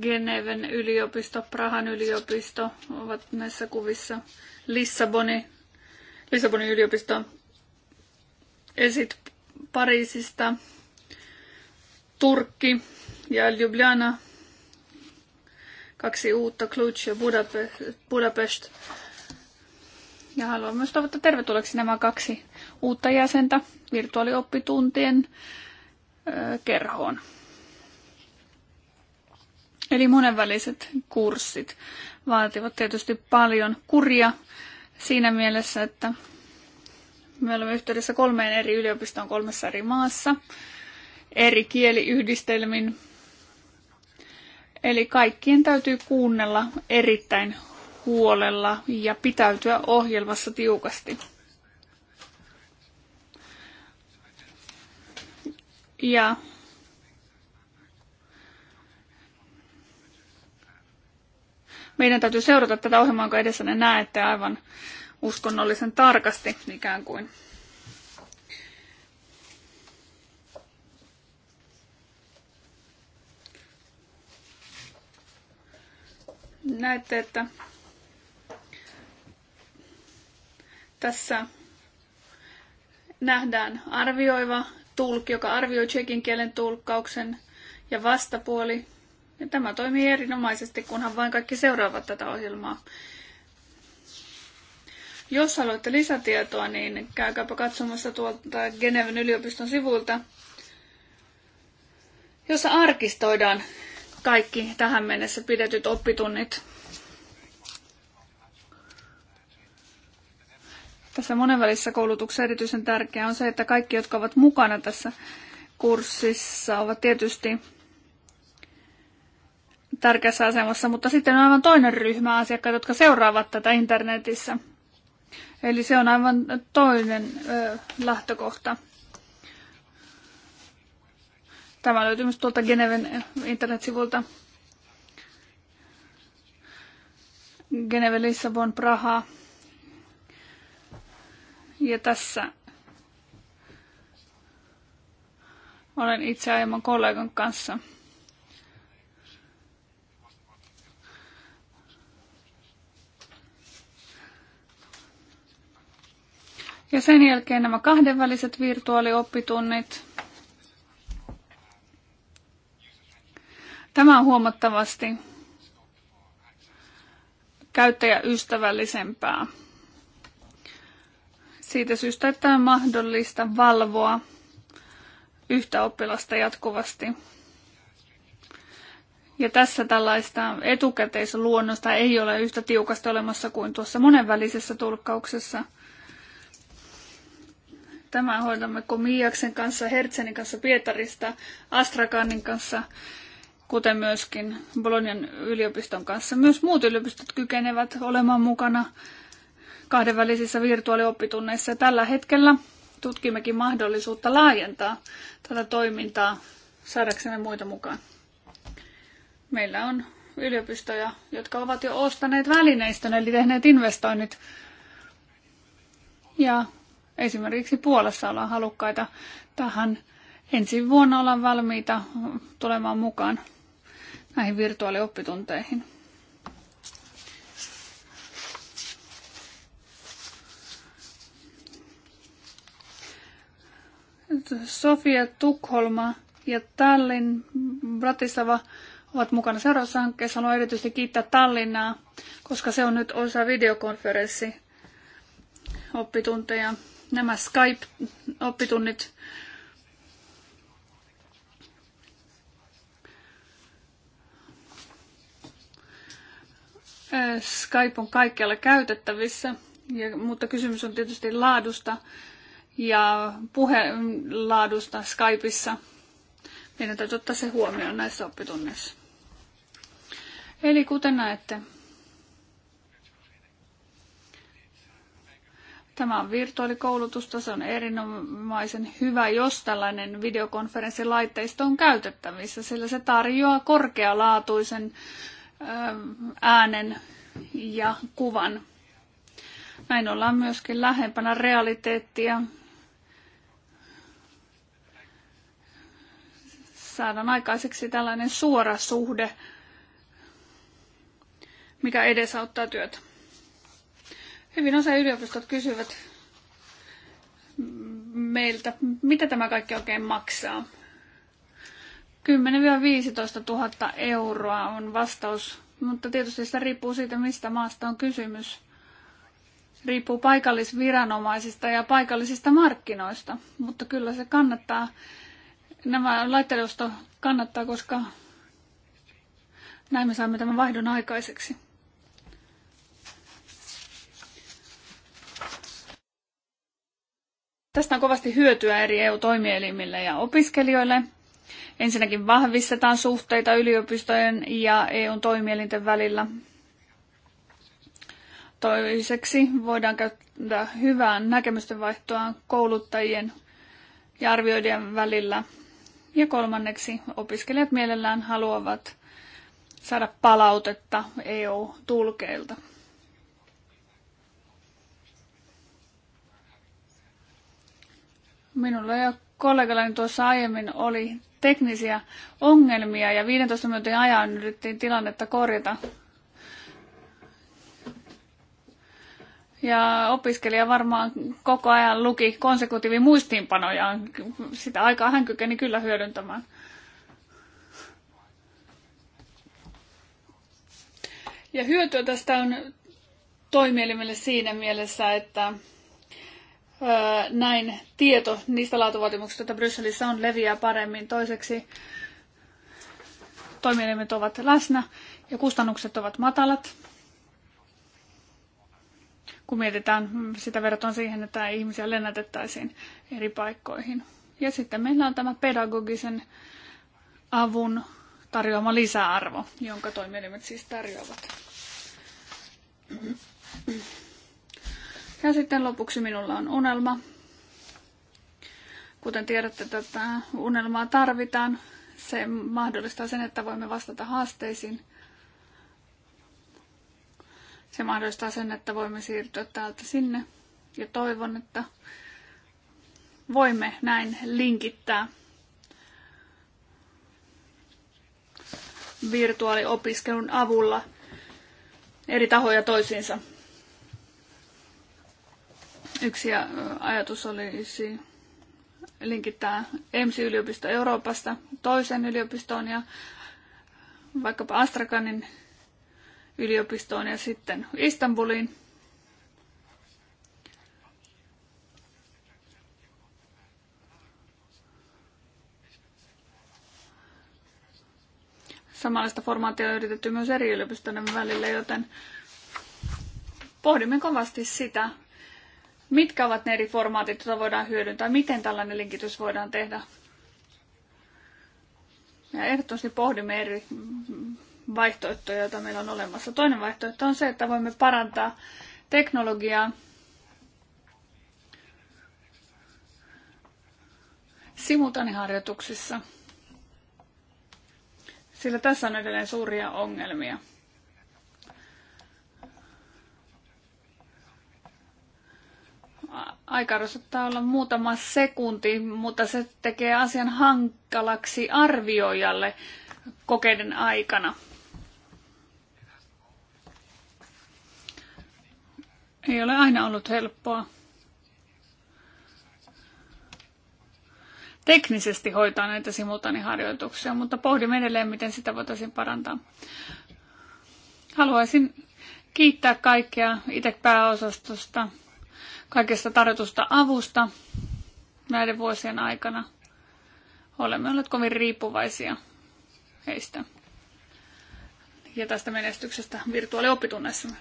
Geneven yliopisto, Prahan yliopisto ovat näissä kuvissa. Lissaboni, Lissabonin yliopisto, esit Pariisista, Turkki ja Ljubljana, kaksi uutta, Cluj ja Budapest. Budapest. Ja haluan myös toivottaa tervetulleeksi nämä kaksi uutta jäsentä virtuaalioppituntien kerhoon. Eli monenväliset kurssit vaativat tietysti paljon kuria siinä mielessä, että me olemme yhteydessä kolmeen eri yliopistoon kolmessa eri maassa, eri kieliyhdistelmin. Eli kaikkien täytyy kuunnella erittäin huolella ja pitäytyä ohjelmassa tiukasti. Ja meidän täytyy seurata tätä ohjelmaa, jonka edessä ne näette aivan uskonnollisen tarkasti ikään kuin. Näette, että Tässä nähdään arvioiva tulkki, joka arvioi tsekin kielen tulkkauksen ja vastapuoli. Ja tämä toimii erinomaisesti, kunhan vain kaikki seuraavat tätä ohjelmaa. Jos haluatte lisätietoa, niin käykääpä katsomassa tuolta Geneven yliopiston sivuilta, jossa arkistoidaan kaikki tähän mennessä pidetyt oppitunnit tässä monenvälisessä koulutuksessa erityisen tärkeää on se, että kaikki, jotka ovat mukana tässä kurssissa, ovat tietysti tärkeässä asemassa, mutta sitten on aivan toinen ryhmä asiakkaita, jotka seuraavat tätä internetissä. Eli se on aivan toinen ö, lähtökohta. Tämä löytyy myös tuolta Geneven internetsivulta. Geneve, Lissabon, Praha, ja tässä olen itse aiemman kollegan kanssa. Ja sen jälkeen nämä kahdenväliset virtuaalioppitunnit. Tämä on huomattavasti käyttäjäystävällisempää siitä syystä, että on mahdollista valvoa yhtä oppilasta jatkuvasti. Ja tässä tällaista etukäteisluonnosta ei ole yhtä tiukasta olemassa kuin tuossa monenvälisessä tulkkauksessa. Tämä hoidamme Komiaksen kanssa, Hertsenin kanssa Pietarista, Astrakanin kanssa, kuten myöskin Bolonian yliopiston kanssa. Myös muut yliopistot kykenevät olemaan mukana kahdenvälisissä virtuaalioppitunneissa. Tällä hetkellä tutkimmekin mahdollisuutta laajentaa tätä toimintaa saadaksemme muita mukaan. Meillä on yliopistoja, jotka ovat jo ostaneet välineistön, eli tehneet investoinnit. Ja esimerkiksi Puolassa ollaan halukkaita tähän. Ensi vuonna ollaan valmiita tulemaan mukaan näihin virtuaalioppitunteihin. Sofia, Tukholma ja Tallin, Bratislava ovat mukana seuraavassa hankkeessa. Haluan erityisesti kiittää Tallinnaa, koska se on nyt osa videokonferenssi oppitunteja. Nämä Skype-oppitunnit Skype on kaikkialla käytettävissä, ja, mutta kysymys on tietysti laadusta ja puhelaadusta Skypeissa. Meidän täytyy ottaa se huomioon näissä oppitunneissa. Eli kuten näette, Tämä on virtuaalikoulutusta, se on erinomaisen hyvä, jos tällainen videokonferenssilaitteisto on käytettävissä, sillä se tarjoaa korkealaatuisen äänen ja kuvan. Näin ollaan myöskin lähempänä realiteettia saadaan aikaiseksi tällainen suora suhde, mikä edesauttaa työtä. Hyvin usein yliopistot kysyvät meiltä, mitä tämä kaikki oikein maksaa. 10-15 000 euroa on vastaus, mutta tietysti se riippuu siitä, mistä maasta on kysymys. Riippuu paikallisviranomaisista ja paikallisista markkinoista, mutta kyllä se kannattaa nämä laitteiden kannattaa, koska näin me saamme tämän vaihdon aikaiseksi. Tästä on kovasti hyötyä eri EU-toimielimille ja opiskelijoille. Ensinnäkin vahvistetaan suhteita yliopistojen ja eu toimielinten välillä. Toiseksi voidaan käyttää hyvää näkemysten vaihtoa kouluttajien ja arvioiden välillä ja kolmanneksi opiskelijat mielellään haluavat saada palautetta EU-tulkeilta. Minulla ja kollegallani tuossa aiemmin oli teknisiä ongelmia ja 15 minuutin ajan yritettiin tilannetta korjata Ja opiskelija varmaan koko ajan luki konsekutiivin muistiinpanojaan. Sitä aikaa hän kykeni kyllä hyödyntämään. Ja hyötyä tästä on toimielimelle siinä mielessä, että näin tieto niistä laatuvaatimuksista, joita Brysselissä on, leviää paremmin. Toiseksi toimielimet ovat läsnä ja kustannukset ovat matalat kun mietitään mm, sitä verrattuna siihen, että ihmisiä lennätettäisiin eri paikkoihin. Ja sitten meillä on tämä pedagogisen avun tarjoama lisäarvo, jonka toimielimet siis tarjoavat. Ja sitten lopuksi minulla on unelma. Kuten tiedätte, tätä unelmaa tarvitaan. Se mahdollistaa sen, että voimme vastata haasteisiin – se mahdollistaa sen, että voimme siirtyä täältä sinne ja toivon, että voimme näin linkittää virtuaaliopiskelun avulla eri tahoja toisiinsa. Yksi ajatus olisi linkittää EMSI-yliopisto Euroopasta toisen yliopistoon ja vaikkapa Astrakanin yliopistoon ja sitten Istanbuliin. Samanlaista formaatia on yritetty myös eri yliopistojen välillä, joten pohdimme kovasti sitä, mitkä ovat ne eri formaatit, joita voidaan hyödyntää, miten tällainen linkitys voidaan tehdä. Ja ehdottomasti pohdimme eri vaihtoehtoja, joita meillä on olemassa. Toinen vaihtoehto on se, että voimme parantaa teknologiaa simultaaniharjoituksissa, sillä tässä on edelleen suuria ongelmia. aika saattaa olla muutama sekunti, mutta se tekee asian hankalaksi arvioijalle kokeiden aikana. ei ole aina ollut helppoa teknisesti hoitaa näitä simultaaniharjoituksia, mutta pohdin edelleen, miten sitä voitaisiin parantaa. Haluaisin kiittää kaikkia itse pääosastosta, kaikesta tarjotusta avusta näiden vuosien aikana. Olemme olleet kovin riippuvaisia heistä ja tästä menestyksestä virtuaalioppitunnessamme.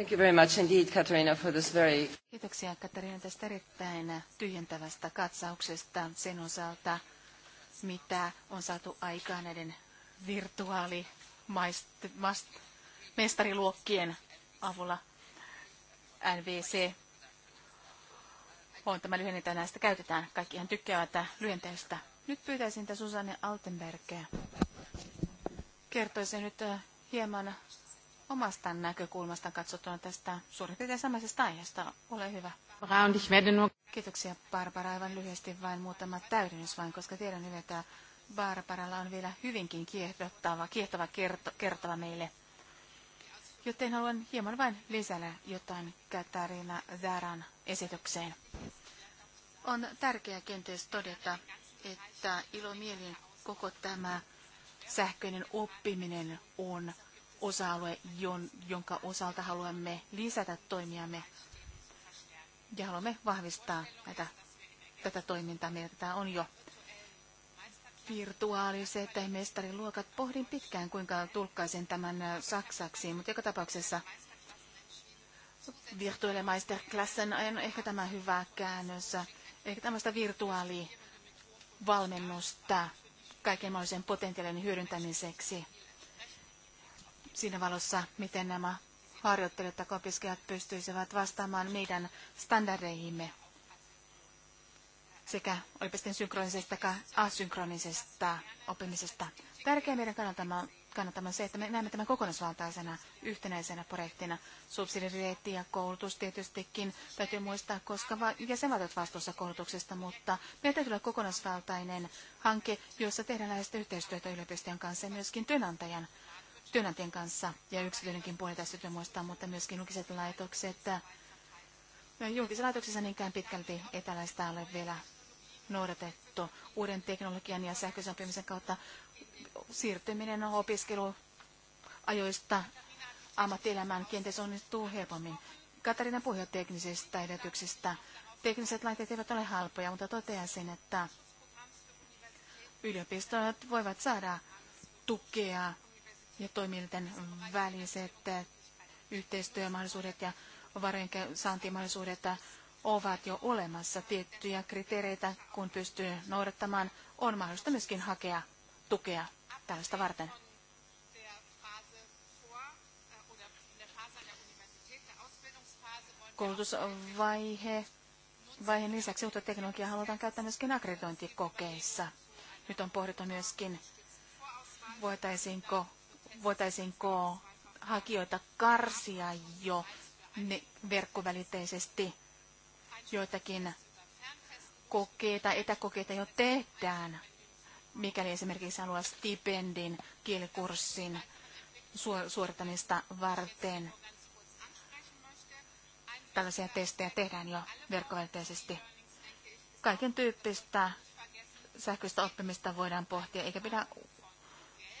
Thank you very much indeed, Katarina, for this very... Kiitoksia Katarina tästä erittäin tyhjentävästä katsauksesta sen osalta, mitä on saatu aikaan näiden virtuaalimestariluokkien avulla NVC on tämä lyhennetään näistä käytetään. Kaikkihan tykkäävät lyhenteistä. Nyt pyytäisin tätä Susanne Altenbergia. Kertoisin nyt hieman omasta näkökulmasta katsottuna tästä suurin piirtein samaisesta aiheesta. Ole hyvä. Kiitoksia Barbara. Aivan lyhyesti vain muutama täydennys vain, koska tiedän hyvin, että Barbaralla on vielä hyvinkin kiehtova, kiehtova kerto, kertova meille. Joten haluan hieman vain lisätä jotain Katarina Zaran esitykseen. On tärkeää kenties todeta, että ilomielin koko tämä sähköinen oppiminen on osa-alue, jonka osalta haluamme lisätä toimiamme ja haluamme vahvistaa näitä, tätä toimintaa. Meillä tämä on jo virtuaaliset mestariluokat. Pohdin pitkään, kuinka tulkkaisin tämän äh, saksaksi, mutta joka tapauksessa virtuelle meisterklassen on ehkä tämä hyvä käännös. Ehkä tämmöistä virtuaalivalmennusta kaiken mahdollisen potentiaalin hyödyntämiseksi siinä valossa, miten nämä harjoittelijat tai opiskelijat pystyisivät vastaamaan meidän standardeihimme sekä olipa synkronisesta että asynkronisesta oppimisesta. Tärkeää meidän kannaltamme on se, että me näemme tämän kokonaisvaltaisena yhtenäisenä projektina. Subsidiariteetti ja koulutus tietystikin täytyy muistaa, koska jäsenvaltiot vastuussa koulutuksesta, mutta meidän täytyy olla kokonaisvaltainen hanke, jossa tehdään näistä yhteistyötä yliopistojen kanssa ja myöskin työnantajan työnantajan kanssa ja yksityinenkin puoli tässä täytyy muistaa, mutta myöskin julkiset laitokset. Julkisessa laitoksessa niinkään pitkälti etäläistä ole vielä noudatettu. Uuden teknologian ja sähköisen kautta siirtyminen opiskeluajoista ammattielämään kenties onnistuu helpommin. Katarina puhui teknisistä edellytyksistä. Tekniset laitteet eivät ole halpoja, mutta totean sen, että yliopistot voivat saada tukea ja toimijoiden väliset yhteistyömahdollisuudet ja varojen saantimahdollisuudet ovat jo olemassa. Tiettyjä kriteereitä, kun pystyy noudattamaan, on mahdollista myöskin hakea tukea tällaista varten. Koulutusvaihe vaiheen lisäksi uutta teknologiaa halutaan käyttää myöskin akkreditointikokeissa. Nyt on pohdittu myöskin, voitaisiinko voitaisiinko hakijoita karsia jo verkkovälitteisesti joitakin kokeita, etäkokeita jo tehdään, mikäli esimerkiksi haluaa stipendin kielikurssin suorittamista varten. Tällaisia testejä tehdään jo verkkovälitteisesti. Kaiken tyyppistä sähköistä oppimista voidaan pohtia, eikä pidä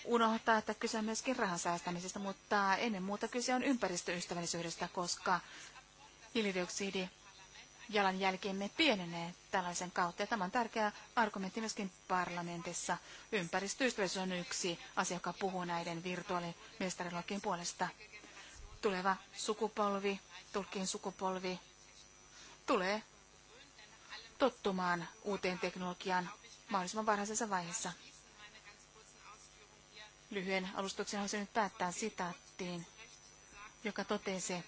unohtaa, että kyse on myöskin rahan säästämisestä, mutta ennen muuta kyse on ympäristöystävällisyydestä, koska hiilidioksidi jalanjälkemme pienenee tällaisen kautta. Ja tämä on tärkeä argumentti myöskin parlamentissa. Ympäristöystävällisyys on yksi asia, joka puhuu näiden virtuaalimestarilokin puolesta. Tuleva sukupolvi, tulkin sukupolvi, tulee tottumaan uuteen teknologiaan mahdollisimman varhaisessa vaiheessa lyhyen alustuksen haluaisin nyt päättää sitaattiin, joka totesi,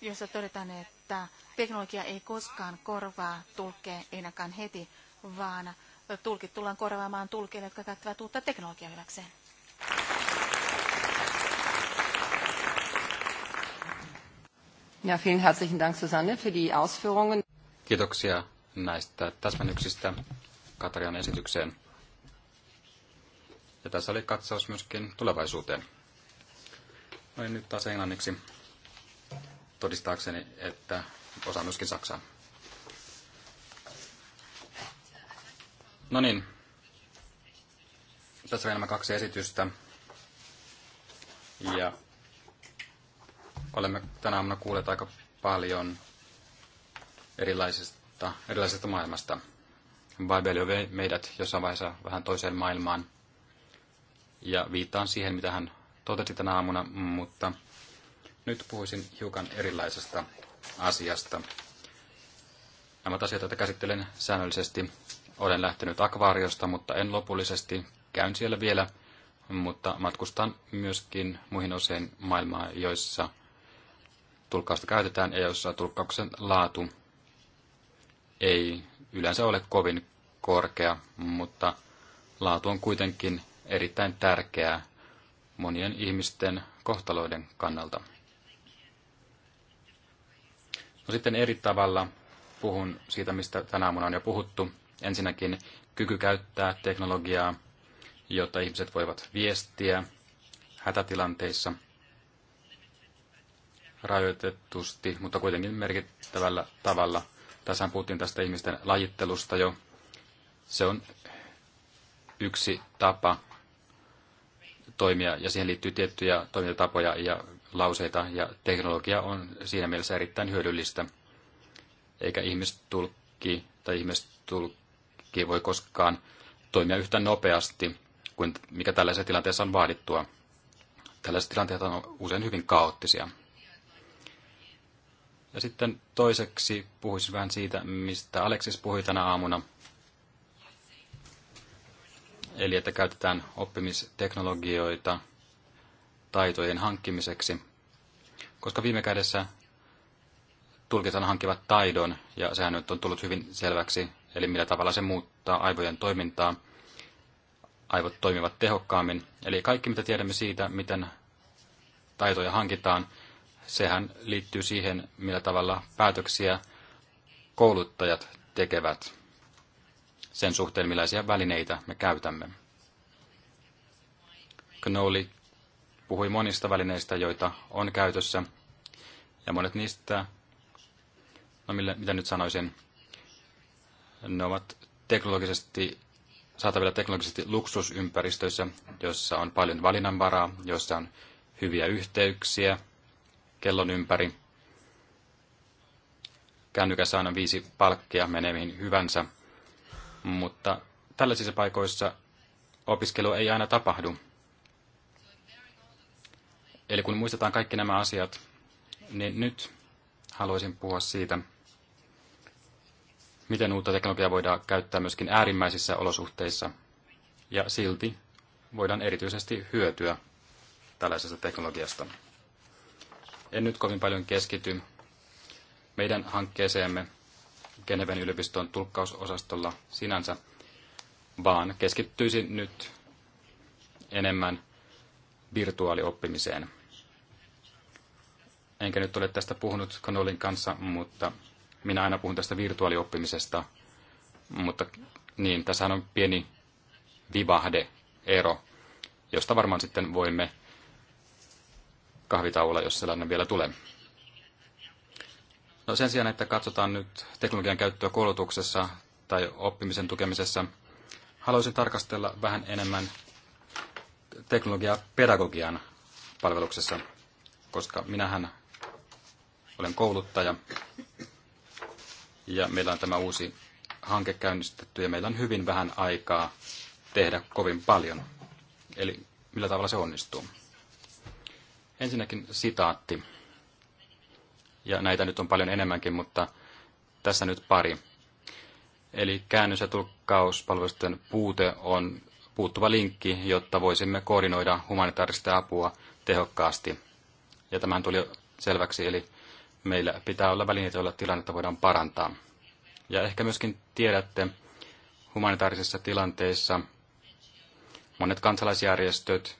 jossa todetaan, että teknologia ei koskaan korvaa tulkkeen ainakaan heti, vaan tulkit tullaan korvaamaan tulkeille, jotka käyttävät uutta teknologiaa hyväkseen. Ja, vielen herzlichen Dank Susanne für die Ausführungen. Kiitoksia näistä täsmennyksistä Katarian esitykseen. Ja tässä oli katsaus myöskin tulevaisuuteen. Olen no niin, nyt taas englanniksi todistaakseni, että osaan myöskin saksaa. No niin, tässä on nämä kaksi esitystä. Ja olemme tänä aamuna kuulleet aika paljon erilaisista, erilaisesta maailmasta. Babel vei meidät jossain vaiheessa vähän toiseen maailmaan ja viittaan siihen, mitä hän totesi tänä aamuna, mutta nyt puhuisin hiukan erilaisesta asiasta. Nämä asiat, joita käsittelen säännöllisesti, olen lähtenyt akvaariosta, mutta en lopullisesti. Käyn siellä vielä, mutta matkustan myöskin muihin osiin maailmaa, joissa tulkkausta käytetään ja joissa tulkkauksen laatu ei yleensä ole kovin korkea, mutta laatu on kuitenkin erittäin tärkeää monien ihmisten kohtaloiden kannalta. No sitten eri tavalla puhun siitä, mistä tänä aamuna on jo puhuttu. Ensinnäkin kyky käyttää teknologiaa, jotta ihmiset voivat viestiä hätätilanteissa rajoitetusti, mutta kuitenkin merkittävällä tavalla. Tässä puhuttiin tästä ihmisten lajittelusta jo. Se on yksi tapa toimia ja siihen liittyy tiettyjä toimintatapoja ja lauseita ja teknologia on siinä mielessä erittäin hyödyllistä. Eikä ihmistulkki tai ihmistulkki voi koskaan toimia yhtä nopeasti kuin mikä tällaisessa tilanteessa on vaadittua. Tällaiset tilanteet on usein hyvin kaoottisia. Ja sitten toiseksi puhuisin vähän siitä, mistä Aleksis puhui tänä aamuna – eli että käytetään oppimisteknologioita taitojen hankkimiseksi, koska viime kädessä tulkitaan hankivat taidon, ja sehän nyt on tullut hyvin selväksi, eli millä tavalla se muuttaa aivojen toimintaa. Aivot toimivat tehokkaammin, eli kaikki mitä tiedämme siitä, miten taitoja hankitaan, sehän liittyy siihen, millä tavalla päätöksiä kouluttajat tekevät sen suhteen, millaisia välineitä me käytämme. Knowli puhui monista välineistä, joita on käytössä, ja monet niistä, no mille, mitä nyt sanoisin, ne ovat teknologisesti saatavilla teknologisesti luksusympäristöissä, jossa on paljon valinnanvaraa, jossa on hyviä yhteyksiä kellon ympäri. Kännykässä aina viisi palkkia menee mihin hyvänsä mutta tällaisissa paikoissa opiskelu ei aina tapahdu. Eli kun muistetaan kaikki nämä asiat, niin nyt haluaisin puhua siitä, miten uutta teknologiaa voidaan käyttää myöskin äärimmäisissä olosuhteissa, ja silti voidaan erityisesti hyötyä tällaisesta teknologiasta. En nyt kovin paljon keskity meidän hankkeeseemme, Geneven yliopiston tulkkausosastolla sinänsä, vaan keskittyisin nyt enemmän virtuaalioppimiseen. Enkä nyt ole tästä puhunut Kanolin kanssa, mutta minä aina puhun tästä virtuaalioppimisesta. Mutta niin, tässä on pieni vivahde, ero, josta varmaan sitten voimme kahvitaula, jos sellainen vielä tulee. No sen sijaan, että katsotaan nyt teknologian käyttöä koulutuksessa tai oppimisen tukemisessa, haluaisin tarkastella vähän enemmän teknologiaa pedagogian palveluksessa, koska minähän olen kouluttaja ja meillä on tämä uusi hanke käynnistetty ja meillä on hyvin vähän aikaa tehdä kovin paljon. Eli millä tavalla se onnistuu? Ensinnäkin sitaatti ja näitä nyt on paljon enemmänkin, mutta tässä nyt pari. Eli käännös- ja tulkkauspalvelusten puute on puuttuva linkki, jotta voisimme koordinoida humanitaarista apua tehokkaasti. Ja tämän tuli selväksi, eli meillä pitää olla välineitä, joilla tilannetta voidaan parantaa. Ja ehkä myöskin tiedätte, humanitaarisissa tilanteissa monet kansalaisjärjestöt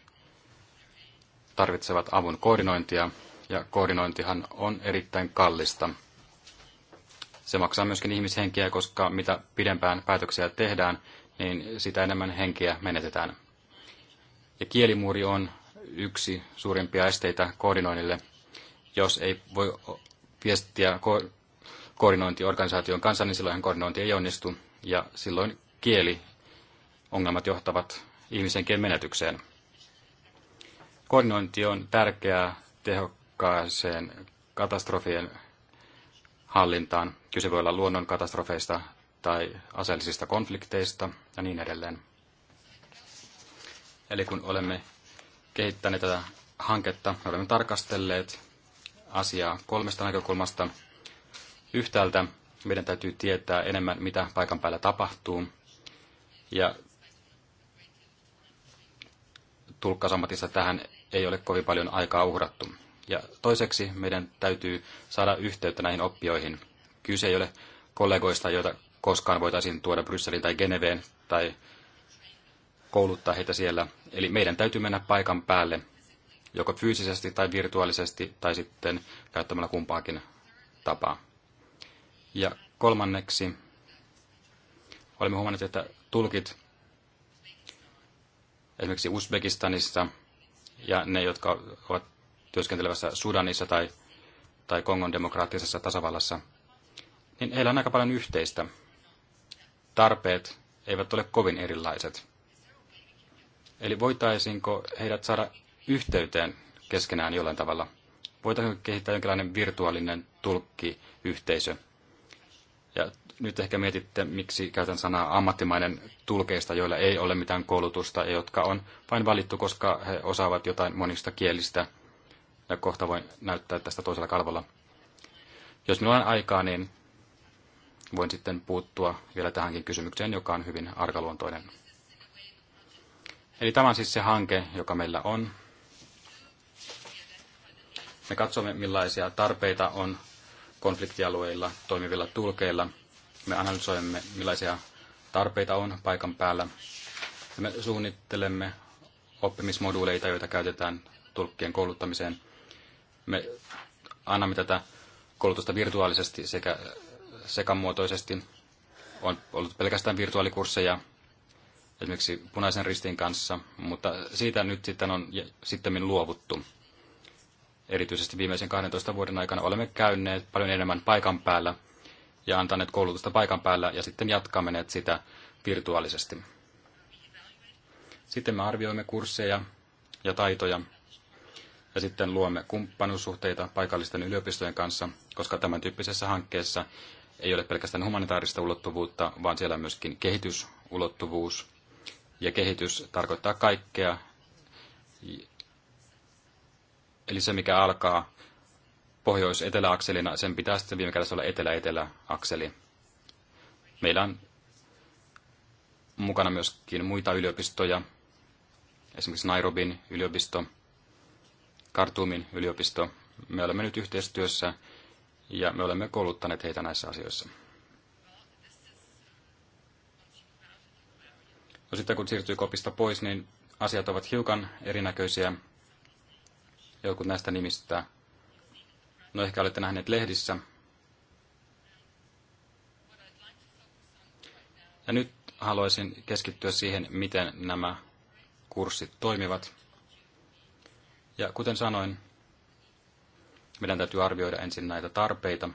tarvitsevat avun koordinointia, ja koordinointihan on erittäin kallista. Se maksaa myöskin ihmishenkiä, koska mitä pidempään päätöksiä tehdään, niin sitä enemmän henkiä menetetään. Ja kielimuuri on yksi suurimpia esteitä koordinoinnille. Jos ei voi viestiä ko- koordinointiorganisaation kanssa, niin silloin koordinointi ei onnistu. Ja silloin kieliongelmat johtavat ihmisen menetykseen. Koordinointi on tärkeää teho- monimutkaiseen katastrofien hallintaan. Kyse voi olla luonnonkatastrofeista tai aseellisista konflikteista ja niin edelleen. Eli kun olemme kehittäneet tätä hanketta, me olemme tarkastelleet asiaa kolmesta näkökulmasta. Yhtäältä meidän täytyy tietää enemmän, mitä paikan päällä tapahtuu. Ja tulkkausammatissa tähän ei ole kovin paljon aikaa uhrattu. Ja toiseksi meidän täytyy saada yhteyttä näihin oppijoihin. Kyse ei ole kollegoista, joita koskaan voitaisiin tuoda Brysseliin tai Geneveen tai kouluttaa heitä siellä. Eli meidän täytyy mennä paikan päälle, joko fyysisesti tai virtuaalisesti tai sitten käyttämällä kumpaakin tapaa. Ja kolmanneksi olemme huomanneet, että tulkit esimerkiksi Uzbekistanissa ja ne, jotka ovat työskentelevässä Sudanissa tai, tai Kongon demokraattisessa tasavallassa, niin heillä on aika paljon yhteistä. Tarpeet eivät ole kovin erilaiset. Eli voitaisiinko heidät saada yhteyteen keskenään jollain tavalla? Voitaisiinko kehittää jonkinlainen virtuaalinen tulkkiyhteisö? Ja nyt ehkä mietitte, miksi käytän sanaa ammattimainen tulkeista, joilla ei ole mitään koulutusta ja jotka on vain valittu, koska he osaavat jotain monista kielistä ja kohta voin näyttää tästä toisella kalvolla. Jos minulla on aikaa, niin voin sitten puuttua vielä tähänkin kysymykseen, joka on hyvin arkaluontoinen. Eli tämä on siis se hanke, joka meillä on. Me katsomme, millaisia tarpeita on konfliktialueilla toimivilla tulkeilla. Me analysoimme, millaisia tarpeita on paikan päällä. Ja me suunnittelemme oppimismoduuleita, joita käytetään tulkkien kouluttamiseen. Me annamme tätä koulutusta virtuaalisesti sekä sekamuotoisesti. On ollut pelkästään virtuaalikursseja esimerkiksi punaisen ristin kanssa, mutta siitä nyt sitten on sitten luovuttu. Erityisesti viimeisen 12 vuoden aikana olemme käyneet paljon enemmän paikan päällä ja antaneet koulutusta paikan päällä ja sitten jatkaneet sitä virtuaalisesti. Sitten me arvioimme kursseja ja taitoja ja sitten luomme kumppanuussuhteita paikallisten yliopistojen kanssa, koska tämän tyyppisessä hankkeessa ei ole pelkästään humanitaarista ulottuvuutta, vaan siellä on myöskin kehitysulottuvuus. Ja kehitys tarkoittaa kaikkea. Eli se, mikä alkaa pohjois-eteläakselina, sen pitää sitten viime kädessä olla etelä-eteläakseli. Meillä on mukana myöskin muita yliopistoja, esimerkiksi Nairobin yliopisto, Kartumin yliopisto. Me olemme nyt yhteistyössä ja me olemme kouluttaneet heitä näissä asioissa. No sitten kun siirtyy kopista pois, niin asiat ovat hiukan erinäköisiä. Jotkut näistä nimistä, no ehkä olette nähneet lehdissä. Ja nyt haluaisin keskittyä siihen, miten nämä kurssit toimivat. Ja kuten sanoin, meidän täytyy arvioida ensin näitä tarpeita.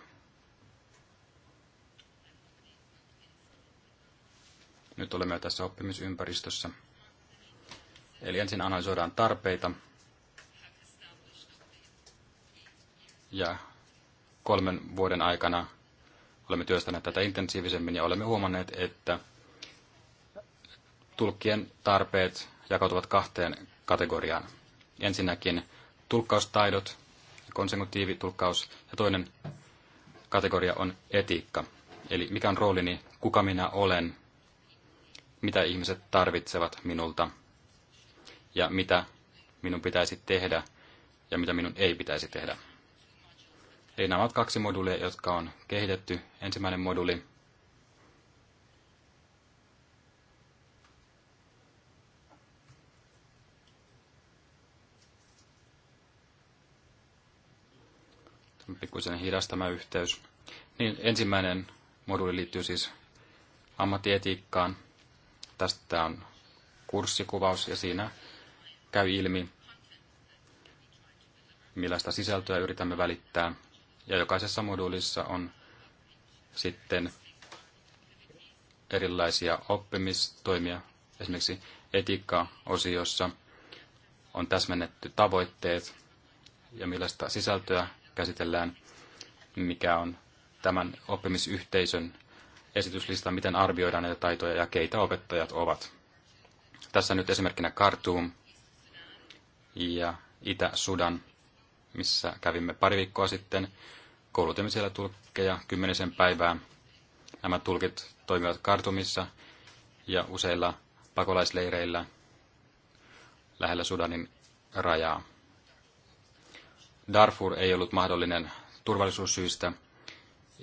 Nyt olemme tässä oppimisympäristössä. Eli ensin analysoidaan tarpeita. Ja kolmen vuoden aikana olemme työstäneet tätä intensiivisemmin ja olemme huomanneet, että tulkkien tarpeet jakautuvat kahteen kategoriaan. Ensinnäkin tulkkaustaidot, konsekutiivitulkkaus ja toinen kategoria on etiikka. Eli mikä on roolini, kuka minä olen, mitä ihmiset tarvitsevat minulta ja mitä minun pitäisi tehdä ja mitä minun ei pitäisi tehdä. Eli nämä ovat kaksi moduulia, jotka on kehitetty. Ensimmäinen moduli pikkuisen hidas tämä yhteys. Niin ensimmäinen moduuli liittyy siis ammattietiikkaan. Tästä on kurssikuvaus ja siinä käy ilmi, millaista sisältöä yritämme välittää. Ja jokaisessa moduulissa on sitten erilaisia oppimistoimia. Esimerkiksi etiikka-osiossa on täsmennetty tavoitteet ja millaista sisältöä käsitellään, mikä on tämän oppimisyhteisön esityslista, miten arvioidaan näitä taitoja ja keitä opettajat ovat. Tässä nyt esimerkkinä Khartoum ja Itä-Sudan, missä kävimme pari viikkoa sitten. Koulutimme siellä tulkkeja kymmenisen päivää. Nämä tulkit toimivat Kartumissa ja useilla pakolaisleireillä lähellä Sudanin rajaa. Darfur ei ollut mahdollinen turvallisuussyistä,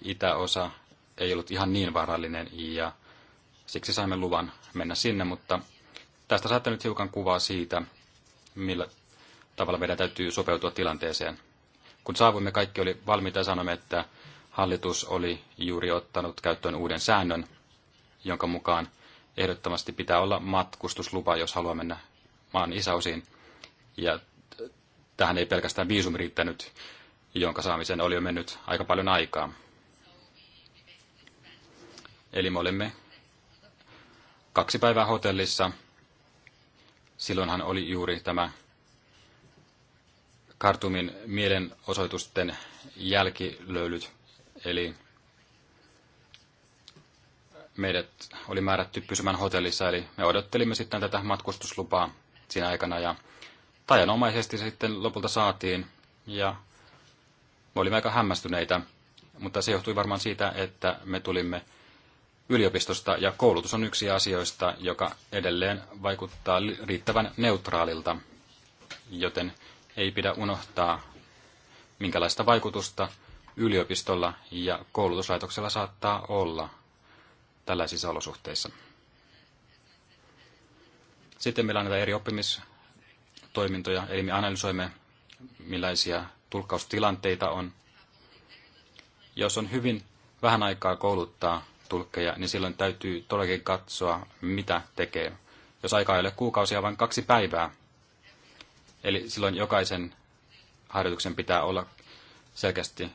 itäosa ei ollut ihan niin varallinen ja siksi saimme luvan mennä sinne, mutta tästä saatte nyt hiukan kuvaa siitä, millä tavalla meidän täytyy sopeutua tilanteeseen. Kun saavuimme, kaikki oli valmiita ja sanomme, että hallitus oli juuri ottanut käyttöön uuden säännön, jonka mukaan ehdottomasti pitää olla matkustuslupa, jos haluaa mennä maan isäosiin. Ja tähän ei pelkästään viisumi riittänyt, jonka saamiseen oli jo mennyt aika paljon aikaa. Eli me olimme kaksi päivää hotellissa. Silloinhan oli juuri tämä Kartumin mielenosoitusten jälkilöylyt, eli meidät oli määrätty pysymään hotellissa, eli me odottelimme sitten tätä matkustuslupaa siinä aikana, ja tajanomaisesti sitten lopulta saatiin ja me olimme aika hämmästyneitä, mutta se johtui varmaan siitä, että me tulimme yliopistosta ja koulutus on yksi asioista, joka edelleen vaikuttaa riittävän neutraalilta, joten ei pidä unohtaa, minkälaista vaikutusta yliopistolla ja koulutuslaitoksella saattaa olla tällaisissa olosuhteissa. Sitten meillä on näitä eri oppimis- toimintoja, eli me analysoimme, millaisia tulkkaustilanteita on. Jos on hyvin vähän aikaa kouluttaa tulkkeja, niin silloin täytyy todellakin katsoa, mitä tekee. Jos aikaa ei ole kuukausia, vain kaksi päivää. Eli silloin jokaisen harjoituksen pitää olla selkeästi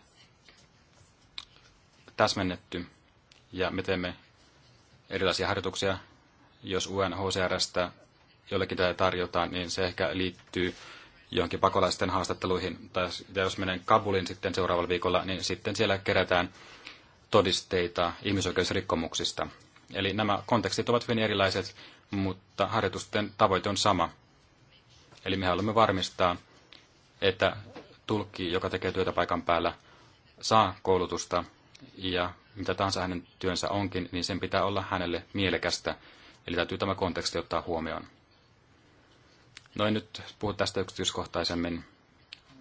täsmennetty. Ja me teemme erilaisia harjoituksia, jos UNHCRstä jollekin tätä tarjotaan, niin se ehkä liittyy johonkin pakolaisten haastatteluihin. Tai jos menen Kabulin sitten seuraavalla viikolla, niin sitten siellä kerätään todisteita ihmisoikeusrikkomuksista. Eli nämä kontekstit ovat hyvin erilaiset, mutta harjoitusten tavoite on sama. Eli me haluamme varmistaa, että tulkki, joka tekee työtä paikan päällä, saa koulutusta ja mitä tahansa hänen työnsä onkin, niin sen pitää olla hänelle mielekästä. Eli täytyy tämä konteksti ottaa huomioon. No en nyt puhu tästä yksityiskohtaisemmin.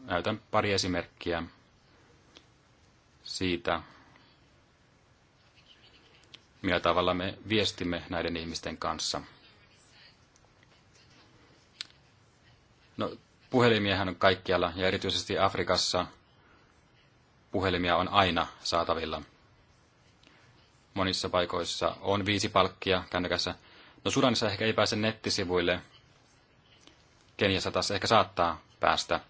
Näytän pari esimerkkiä siitä, millä tavalla me viestimme näiden ihmisten kanssa. No, puhelimiehän on kaikkialla ja erityisesti Afrikassa puhelimia on aina saatavilla. Monissa paikoissa on viisi palkkia kännykässä. No Sudanissa ehkä ei pääse nettisivuille, Keniassa taas ehkä saattaa päästä.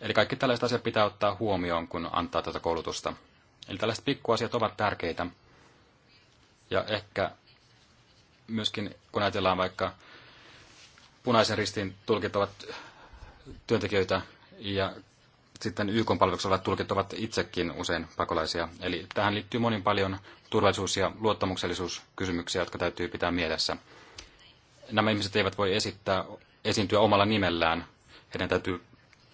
Eli kaikki tällaiset asiat pitää ottaa huomioon, kun antaa tätä koulutusta. Eli tällaiset pikkuasiat ovat tärkeitä. Ja ehkä myöskin, kun ajatellaan vaikka punaisen ristin tulkittavat työntekijöitä ja sitten YK palveluksella tulkittavat tulkit ovat itsekin usein pakolaisia. Eli tähän liittyy monin paljon turvallisuus- ja luottamuksellisuuskysymyksiä, jotka täytyy pitää mielessä. Nämä ihmiset eivät voi esittää esiintyä omalla nimellään. Heidän täytyy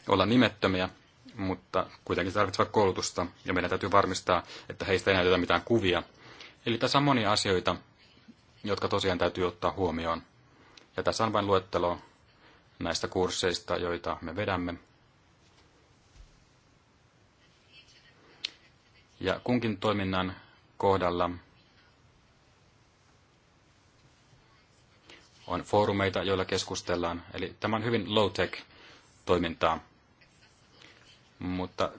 olla nimettömiä, mutta kuitenkin tarvitsevat koulutusta, ja meidän täytyy varmistaa, että heistä ei näytetä mitään kuvia. Eli tässä on monia asioita, jotka tosiaan täytyy ottaa huomioon. Ja tässä on vain luettelo näistä kursseista, joita me vedämme. Ja kunkin toiminnan kohdalla on foorumeita, joilla keskustellaan. Eli tämä on hyvin low-tech toimintaa. Mutta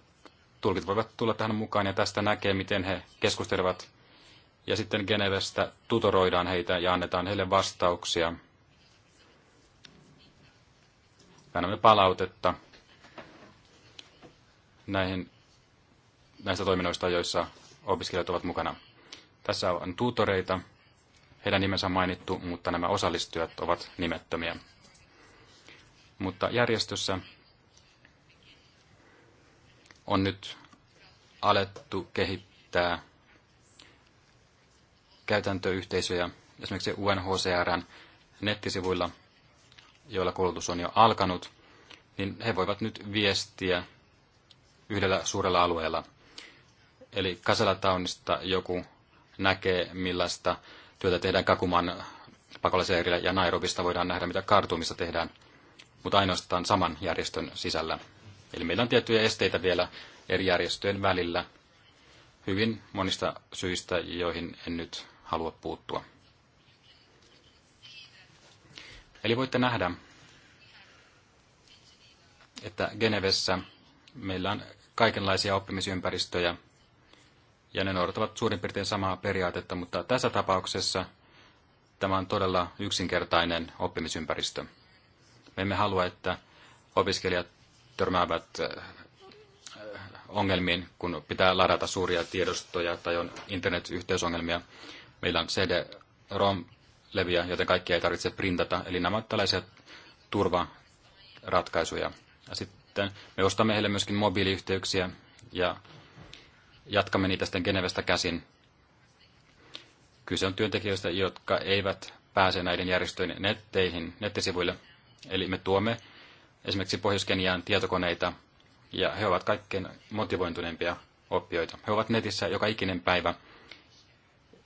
tulkit voivat tulla tähän mukaan ja tästä näkee, miten he keskustelevat. Ja sitten Genevestä tutoroidaan heitä ja annetaan heille vastauksia. Annamme palautetta näihin, näistä toiminnoista, joissa opiskelijat ovat mukana. Tässä on tutoreita, heidän nimensä mainittu, mutta nämä osallistujat ovat nimettömiä. Mutta järjestössä on nyt alettu kehittää käytäntöyhteisöjä esimerkiksi UNHCRn nettisivuilla, joilla koulutus on jo alkanut, niin he voivat nyt viestiä yhdellä suurella alueella. Eli Kaselataunista joku näkee, millaista työtä tehdään Kakuman pakolaisleirillä ja Nairobista voidaan nähdä, mitä kartuumissa tehdään, mutta ainoastaan saman järjestön sisällä. Eli meillä on tiettyjä esteitä vielä eri järjestöjen välillä hyvin monista syistä, joihin en nyt halua puuttua. Eli voitte nähdä, että Genevessä meillä on kaikenlaisia oppimisympäristöjä – ja ne noudattavat suurin piirtein samaa periaatetta, mutta tässä tapauksessa tämä on todella yksinkertainen oppimisympäristö. Me emme halua, että opiskelijat törmäävät äh, äh, ongelmiin, kun pitää ladata suuria tiedostoja tai on internet-yhteysongelmia. Meillä on CD-ROM-leviä, joten kaikkia ei tarvitse printata. Eli nämä ovat tällaisia turvaratkaisuja. Ja sitten me ostamme heille myöskin mobiiliyhteyksiä ja jatkamme niitä sitten Genevestä käsin. Kyse on työntekijöistä, jotka eivät pääse näiden järjestöjen netteihin, nettisivuille. Eli me tuomme esimerkiksi pohjois tietokoneita, ja he ovat kaikkein motivointuneimpia oppijoita. He ovat netissä joka ikinen päivä,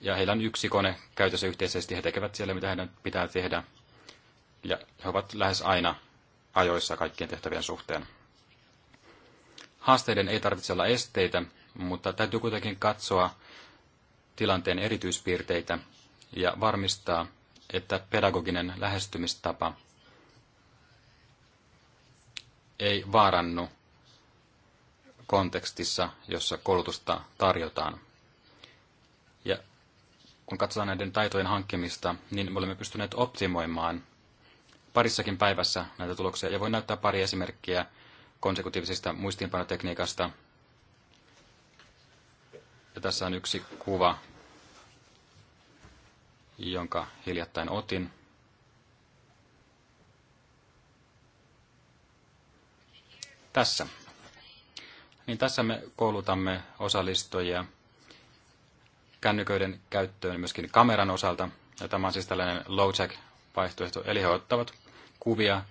ja heillä on yksi kone käytössä yhteisesti. He tekevät siellä, mitä heidän pitää tehdä, ja he ovat lähes aina ajoissa kaikkien tehtävien suhteen. Haasteiden ei tarvitse olla esteitä, mutta täytyy kuitenkin katsoa tilanteen erityispiirteitä ja varmistaa, että pedagoginen lähestymistapa ei vaarannu kontekstissa, jossa koulutusta tarjotaan. Ja kun katsotaan näiden taitojen hankkimista, niin me olemme pystyneet optimoimaan parissakin päivässä näitä tuloksia. Ja voin näyttää pari esimerkkiä konsekutiivisesta muistiinpanotekniikasta, ja tässä on yksi kuva, jonka hiljattain otin. Tässä. Niin tässä me koulutamme osallistujia kännyköiden käyttöön myöskin kameran osalta. Ja tämä on siis tällainen low-tech-vaihtoehto, eli he ottavat kuvia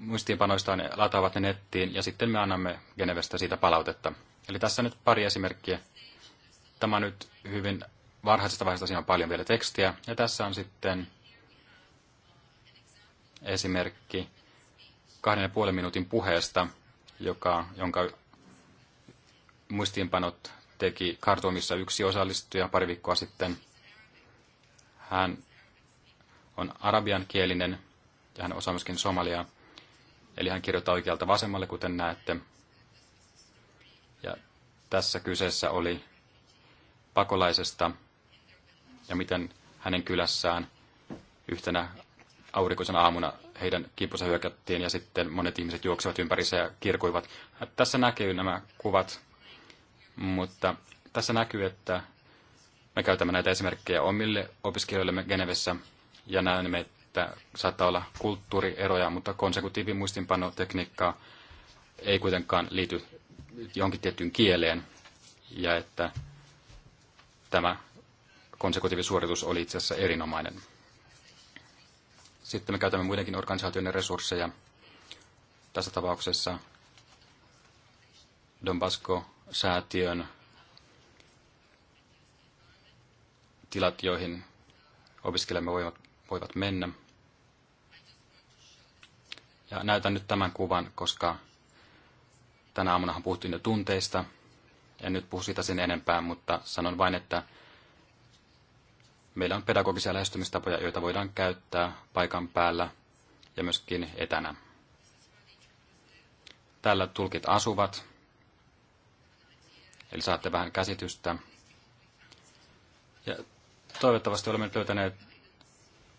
muistiinpanoistaan, lataavat ne nettiin ja sitten me annamme Genevestä siitä palautetta. Eli tässä nyt pari esimerkkiä Tämä nyt hyvin varhaisesta vaiheesta, siinä on paljon vielä tekstiä. Ja tässä on sitten esimerkki kahden ja puolen minuutin puheesta, joka, jonka muistiinpanot teki Kartumissa yksi osallistuja pari viikkoa sitten. Hän on arabian kielinen ja hän osaa myöskin somalia. Eli hän kirjoittaa oikealta vasemmalle, kuten näette. Ja tässä kyseessä oli pakolaisesta ja miten hänen kylässään yhtenä aurinkoisena aamuna heidän kimpunsa hyökättiin ja sitten monet ihmiset juoksivat ympärissä ja kirkuivat. Tässä näkyy nämä kuvat, mutta tässä näkyy, että me käytämme näitä esimerkkejä omille opiskelijoillemme Genevessä ja näemme, että saattaa olla kulttuurieroja, mutta konsekutiivin muistinpanotekniikkaa ei kuitenkaan liity johonkin tiettyyn kieleen ja että tämä konsekutiivisuoritus oli itse asiassa erinomainen. Sitten me käytämme muidenkin organisaatioiden resursseja. Tässä tapauksessa Donbasko-säätiön tilat, joihin opiskelijamme voivat, voivat mennä. Ja näytän nyt tämän kuvan, koska tänä aamunahan puhuttiin jo tunteista – en nyt puhu siitä sen enempää, mutta sanon vain, että meillä on pedagogisia lähestymistapoja, joita voidaan käyttää paikan päällä ja myöskin etänä. Tällä tulkit asuvat, eli saatte vähän käsitystä. Ja toivottavasti olemme nyt löytäneet,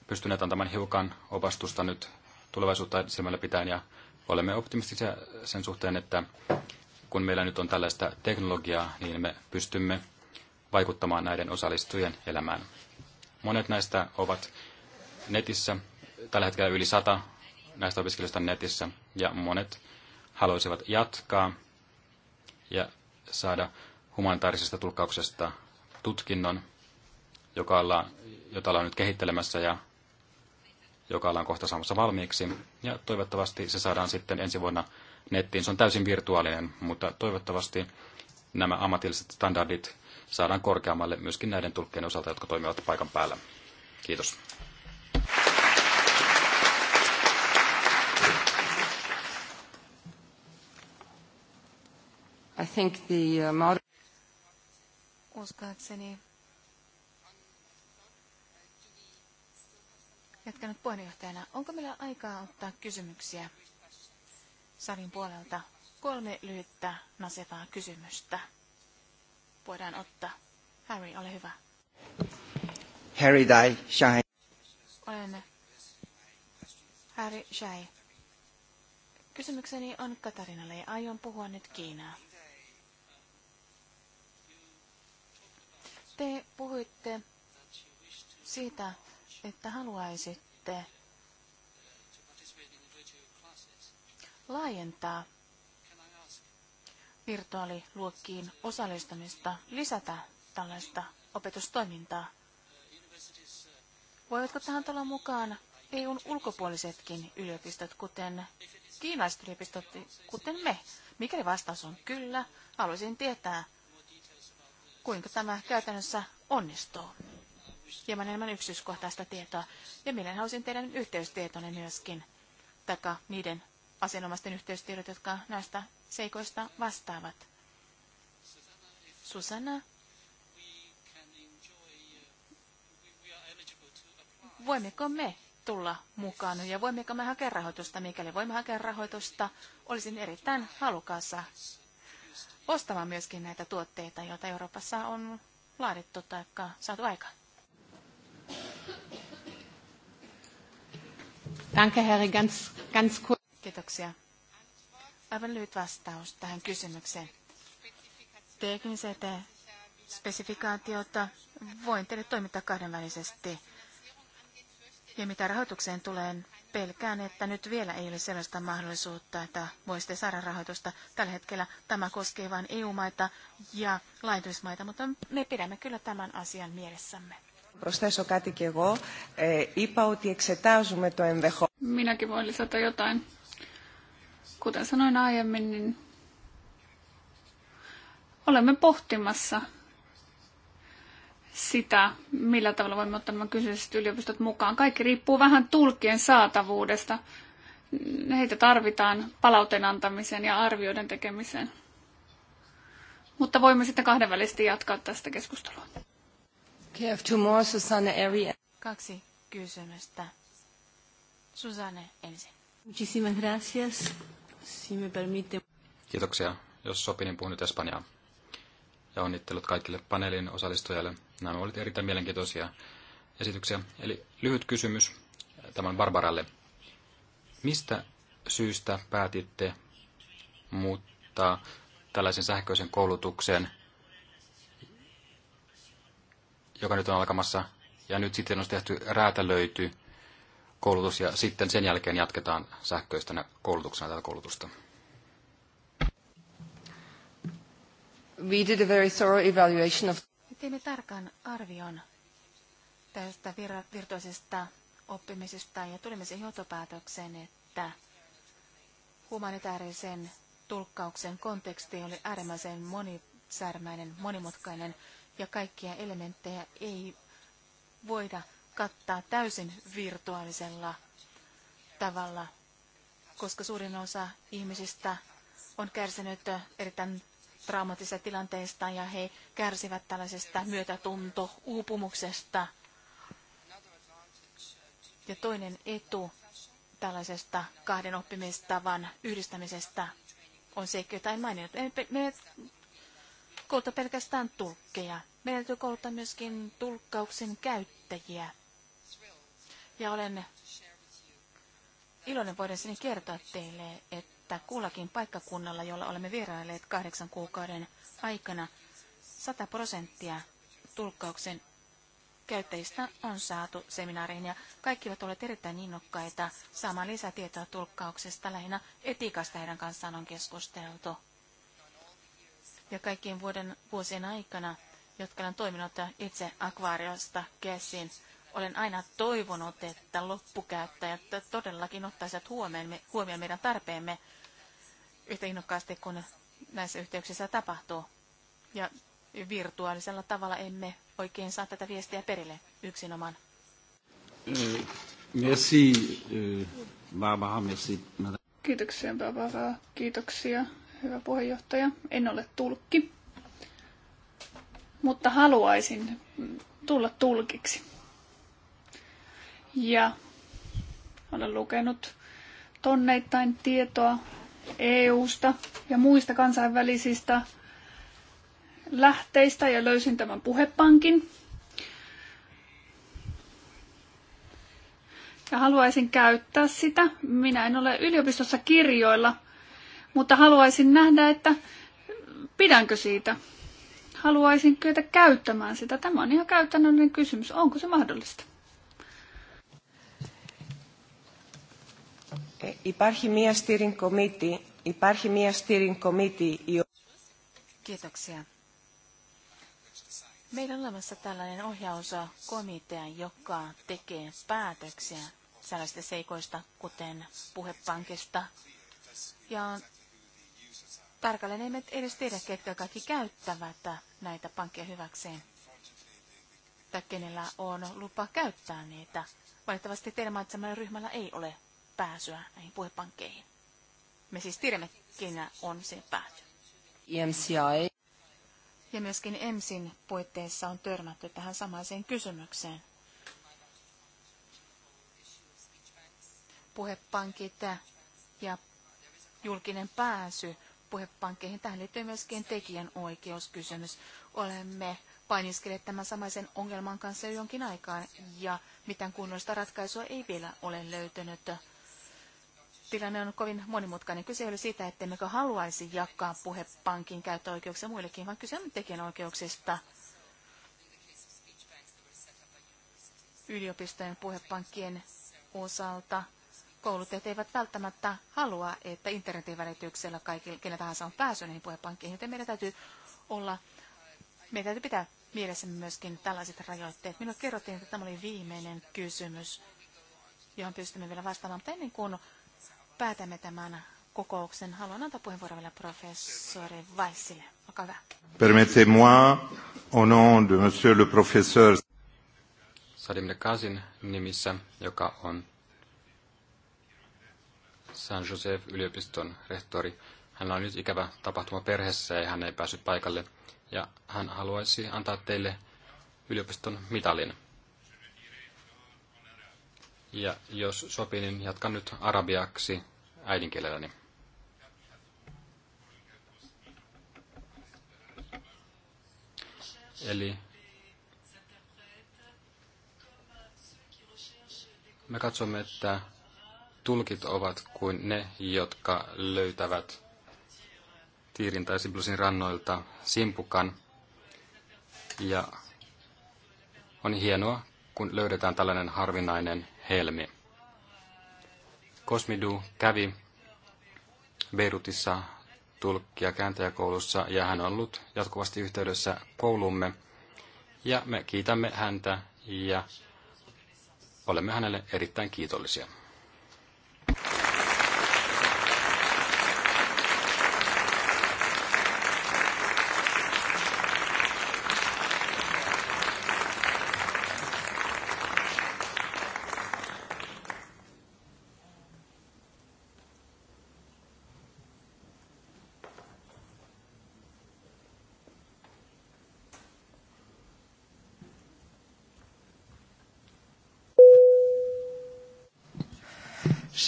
pystyneet antamaan hiukan opastusta nyt tulevaisuutta silmällä pitäen ja olemme optimistisia sen suhteen, että kun meillä nyt on tällaista teknologiaa, niin me pystymme vaikuttamaan näiden osallistujien elämään. Monet näistä ovat netissä, tällä hetkellä yli sata näistä opiskelijoista on netissä, ja monet haluaisivat jatkaa ja saada humanitaarisesta tulkkauksesta tutkinnon, joka ollaan, jota ollaan nyt kehittelemässä ja joka ollaan kohta saamassa valmiiksi. Ja toivottavasti se saadaan sitten ensi vuonna nettiin. Se on täysin virtuaalinen, mutta toivottavasti nämä ammatilliset standardit saadaan korkeammalle myöskin näiden tulkkien osalta, jotka toimivat paikan päällä. Kiitos. I think the, uh, Uskoakseni jatkanut puheenjohtajana. Onko meillä aikaa ottaa kysymyksiä? Sarin puolelta kolme lyhyttä nasevaa kysymystä. Voidaan ottaa. Harry, ole hyvä. Harry Dai Shai. Olen Harry Shai. Kysymykseni on Katarinalle ja aion puhua nyt Kiinaa. Te puhuitte siitä, että haluaisitte laajentaa virtuaaliluokkiin osallistumista, lisätä tällaista opetustoimintaa? Voivatko tähän tulla mukaan EUn ulkopuolisetkin yliopistot, kuten kiinalaiset yliopistot, kuten me? Mikäli vastaus on kyllä, haluaisin tietää, kuinka tämä käytännössä onnistuu. Hieman enemmän yksityiskohtaista tietoa. Ja minä haluaisin teidän yhteystietonne myöskin, taka niiden asianomaisten yhteystiedot, jotka näistä seikoista vastaavat. Susanna, voimmeko me tulla mukaan ja voimmeko me hakea rahoitusta? Mikäli voimme hakea rahoitusta, olisin erittäin halukassa ostamaan myöskin näitä tuotteita, joita Euroopassa on laadittu tai saatu aikaan. Danke, Herr, ganz, ganz kurz. Kiitoksia. Aivan lyhyt vastaus tähän kysymykseen. Tekniset spesifikaatiota voin teille toimittaa kahdenvälisesti. Ja mitä rahoitukseen tulee, pelkään, että nyt vielä ei ole sellaista mahdollisuutta, että voisitte saada rahoitusta. Tällä hetkellä tämä koskee vain EU-maita ja laitoismaita, mutta me pidämme kyllä tämän asian mielessämme. Eh, Minäkin voin lisätä jotain. Kuten sanoin aiemmin, niin olemme pohtimassa sitä, millä tavalla voimme ottaa nämä kyseiset yliopistot mukaan. Kaikki riippuu vähän tulkien saatavuudesta. Heitä tarvitaan palauten antamiseen ja arvioiden tekemiseen. Mutta voimme sitten kahdenvälisesti jatkaa tästä keskustelua. Kaksi kysymystä. Susanne ensin. Muchísimas gracias si me permite. Kiitoksia. Jos sopii, niin puhun nyt Espanjaa. Ja onnittelut kaikille paneelin osallistujille. Nämä olivat erittäin mielenkiintoisia esityksiä. Eli lyhyt kysymys tämän Barbaralle. Mistä syystä päätitte muuttaa tällaisen sähköisen koulutuksen, joka nyt on alkamassa, ja nyt sitten on tehty räätälöity koulutus ja sitten sen jälkeen jatketaan sähköistä koulutuksena tätä koulutusta. We did a very thorough evaluation of... Teimme tarkan arvion tästä virtuaalisesta oppimisesta ja tulimme siihen johtopäätökseen, että humanitaarisen tulkkauksen konteksti oli äärimmäisen monisärmäinen, monimutkainen ja kaikkia elementtejä ei voida kattaa täysin virtuaalisella tavalla, koska suurin osa ihmisistä on kärsinyt erittäin traumatisista tilanteista ja he kärsivät tällaisesta myötätunto-uupumuksesta. Ja toinen etu tällaisesta kahden oppimistavan yhdistämisestä on se, jota en maininnut. Me kouluttaa pelkästään tulkkeja. Meidän täytyy kouluttaa myöskin tulkkauksen käyttäjiä. Ja olen iloinen voidessani kertoa teille, että kullakin paikkakunnalla, jolla olemme vierailleet kahdeksan kuukauden aikana, 100 prosenttia tulkkauksen käyttäjistä on saatu seminaariin ja kaikki ovat olleet erittäin innokkaita saamaan lisätietoa tulkkauksesta. Lähinnä etiikasta heidän kanssaan on keskusteltu. Ja kaikkien vuoden vuosien aikana, jotka olen toiminut itse akvaariosta käsin, olen aina toivonut, että loppukäyttäjät todellakin ottaisivat huomioon, huomioon meidän tarpeemme yhtä innokkaasti kuin näissä yhteyksissä tapahtuu. Ja virtuaalisella tavalla emme oikein saa tätä viestiä perille yksinomaan. Eh, merci, eh, Barbara. Merci, Kiitoksia, Barbara. Kiitoksia, hyvä puheenjohtaja. En ole tulkki, mutta haluaisin tulla tulkiksi. Ja olen lukenut tonneittain tietoa EUsta ja muista kansainvälisistä lähteistä ja löysin tämän puhepankin. Ja haluaisin käyttää sitä. Minä en ole yliopistossa kirjoilla, mutta haluaisin nähdä, että pidänkö siitä. Haluaisin kyetä käyttämään sitä. Tämä on ihan käytännöllinen kysymys. Onko se mahdollista? Υπάρχει μία steering committee, υπάρχει μία steering committee. Meillä on olemassa tällainen ohjauskomitea, joka tekee päätöksiä sellaisista seikoista, kuten puhepankista. Ja tarkalleen emme edes tiedä, ketkä kaikki käyttävät näitä pankkeja hyväkseen. Tai kenellä on lupa käyttää niitä. Valitettavasti teidän mainitsemalla ryhmällä ei ole pääsyä näihin puhepankkeihin. Me siis tiedämme, kenä on se pääty. EMCI. Ja myöskin EMSin puitteissa on törmätty tähän samaiseen kysymykseen. Puhepankit ja julkinen pääsy puhepankkeihin. Tähän liittyy myöskin tekijänoikeuskysymys. Olemme painiskelleet tämän samaisen ongelman kanssa jo jonkin aikaan ja mitään kunnollista ratkaisua ei vielä ole löytynyt tilanne on kovin monimutkainen. Kyse oli siitä, ettemmekö haluaisi jakaa puhepankin käyttöoikeuksia muillekin, vaan kyse on tekijänoikeuksista. Yliopistojen puhepankkien osalta kouluttajat eivät välttämättä halua, että internetin välityksellä kaikilla, kenellä tahansa on pääsy niihin puhepankkeihin, joten meidän täytyy olla, meidän täytyy pitää mielessämme myöskin tällaiset rajoitteet. Minulle kerrottiin, että tämä oli viimeinen kysymys, johon pystymme vielä vastaamaan, mutta ennen kuin päätämme tämän kokouksen. Haluan antaa puheenvuoron vielä professori Weissille. Olkaa hyvä. Permettez-moi, au nom de monsieur le professeur Sadim Kasin nimissä, joka on San Joseph yliopiston rehtori. Hän on nyt ikävä tapahtuma perheessä ja hän ei päässyt paikalle. Ja hän haluaisi antaa teille yliopiston mitalin. Ja jos sopii, niin jatkan nyt arabiaksi äidinkielelläni. Eli me katsomme, että tulkit ovat kuin ne, jotka löytävät Tiirin tai Siblusin rannoilta simpukan. Ja on hienoa, kun löydetään tällainen harvinainen helmi. Kosmidu kävi Beirutissa ja kääntäjäkoulussa ja hän on ollut jatkuvasti yhteydessä koulumme. Ja me kiitämme häntä ja olemme hänelle erittäin kiitollisia.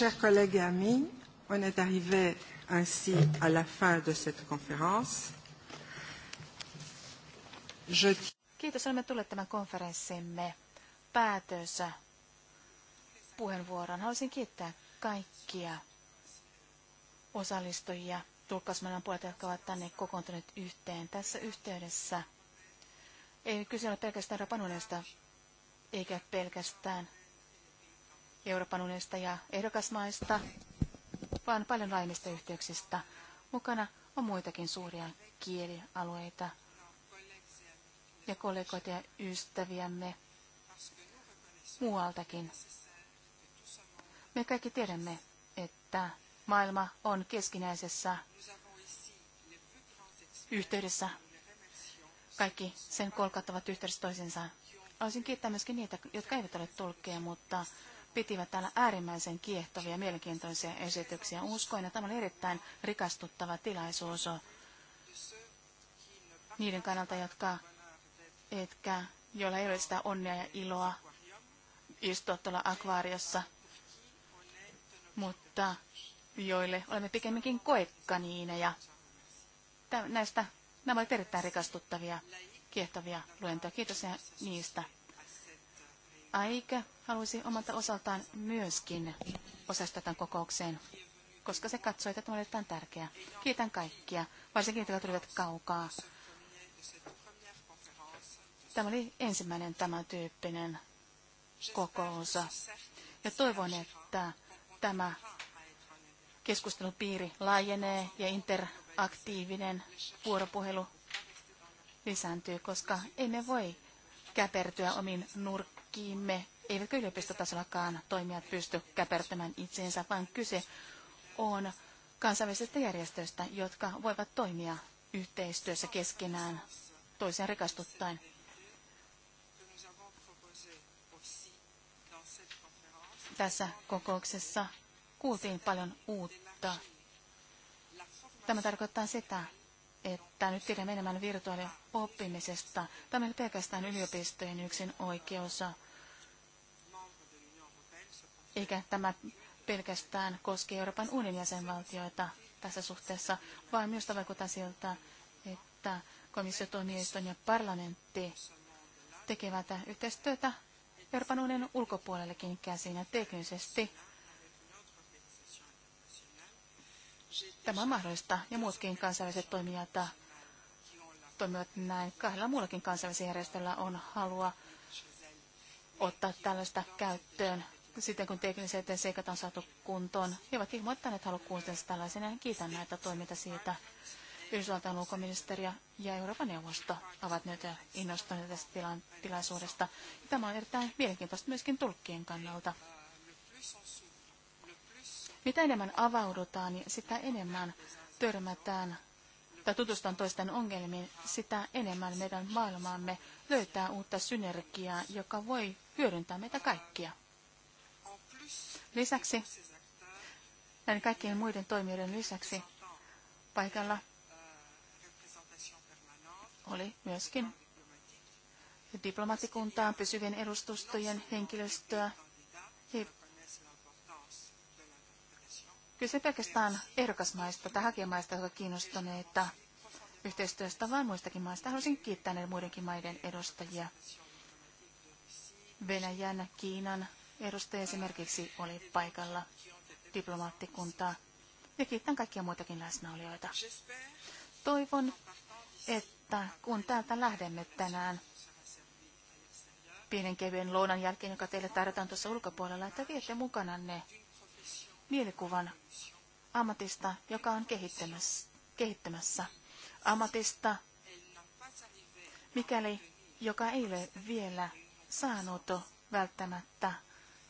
Chers collègues et amis, on est arrivé ainsi à la fin de cette conférence. Je... Kiitos, olemme tulleet tämän konferenssimme päätös puheenvuoron. Haluaisin kiittää kaikkia osallistujia tulkkausmaailman puolelta, jotka ovat tänne kokoontuneet yhteen tässä yhteydessä. Ei kyse ole pelkästään Rapanunesta, eikä pelkästään Euroopan unionista ja ehdokasmaista, vaan paljon laajemmista yhteyksistä. Mukana on muitakin suuria kielialueita ja kollegoita ja ystäviämme muualtakin. Me kaikki tiedämme, että maailma on keskinäisessä yhteydessä. Kaikki sen kolkattavat yhteydessä toisiinsa. Haluaisin kiittää myöskin niitä, jotka eivät ole tulkkeja, mutta pitivät täällä äärimmäisen kiehtovia ja mielenkiintoisia esityksiä. Uskoin, että tämä oli erittäin rikastuttava tilaisuus niiden kannalta, jotka, etkä, joilla ei ole sitä onnea ja iloa istua tuolla akvaariossa, mutta joille olemme pikemminkin koekkaniineja. Näistä nämä olivat erittäin rikastuttavia, kiehtovia luentoja. Kiitos niistä. Aika halusi omalta osaltaan myöskin tämän kokoukseen, koska se katsoi, että tämä oli erittäin tärkeää. Kiitän kaikkia, varsinkin niitä, jotka tulivat kaukaa. Tämä oli ensimmäinen tämän tyyppinen kokous. Ja toivon, että tämä keskustelupiiri laajenee ja interaktiivinen vuoropuhelu lisääntyy, koska emme voi käpertyä omiin nurkkiin kaikkiimme, eivätkö yliopistotasollakaan toimijat pysty käpertämään itseensä, vaan kyse on kansainvälisistä järjestöistä, jotka voivat toimia yhteistyössä keskenään toisen rikastuttaen. Tässä kokouksessa kuultiin paljon uutta. Tämä tarkoittaa sitä, että nyt tiedämme enemmän virtuaalioppimisesta. Tämä ei pelkästään yliopistojen yksin oikeus, eikä tämä pelkästään koske Euroopan unionin jäsenvaltioita tässä suhteessa, vaan myös vaikuttaa siltä, että komissiotuomioistuin ja parlamentti tekevät yhteistyötä Euroopan unionin ulkopuolellekin käsin ja teknisesti Tämä on mahdollista ja muutkin kansainväliset toimijat toimivat näin. Kahdella muullakin kansainvälisellä järjestöllä on halua ottaa tällaista käyttöön sitten kun tekniset seikat on saatu kuntoon. He ovat ilmoittaneet halukkuutensa tällaisena. kiitän näitä toimita siitä. Yhdysvaltain ulkoministeriö ja Euroopan neuvosto ovat nyt innostuneet tästä tila- tilaisuudesta. Tämä on erittäin mielenkiintoista myöskin tulkkien kannalta. Mitä enemmän avaudutaan, niin sitä enemmän törmätään tai tutustutaan toisten ongelmiin, sitä enemmän meidän maailmaamme löytää uutta synergiaa, joka voi hyödyntää meitä kaikkia. Lisäksi, näiden kaikkien muiden toimijoiden lisäksi, paikalla oli myöskin diplomatikuntaan pysyvien edustustojen henkilöstöä. He Kyse pelkästään ehdokasmaista tai hakijamaista, jotka kiinnostuneita yhteistyöstä, vaan muistakin maista. Haluaisin kiittää näiden muidenkin maiden edustajia. Venäjän, Kiinan, edustaja esimerkiksi oli paikalla diplomaattikuntaa ja kiitän kaikkia muitakin läsnäolijoita. Toivon, että kun täältä lähdemme tänään pienen kevyen lounan jälkeen, joka teille tarjotaan tuossa ulkopuolella, että viette mukananne mielikuvan ammatista, joka on kehittymässä, Ammatista, mikäli joka ei ole vielä saanut välttämättä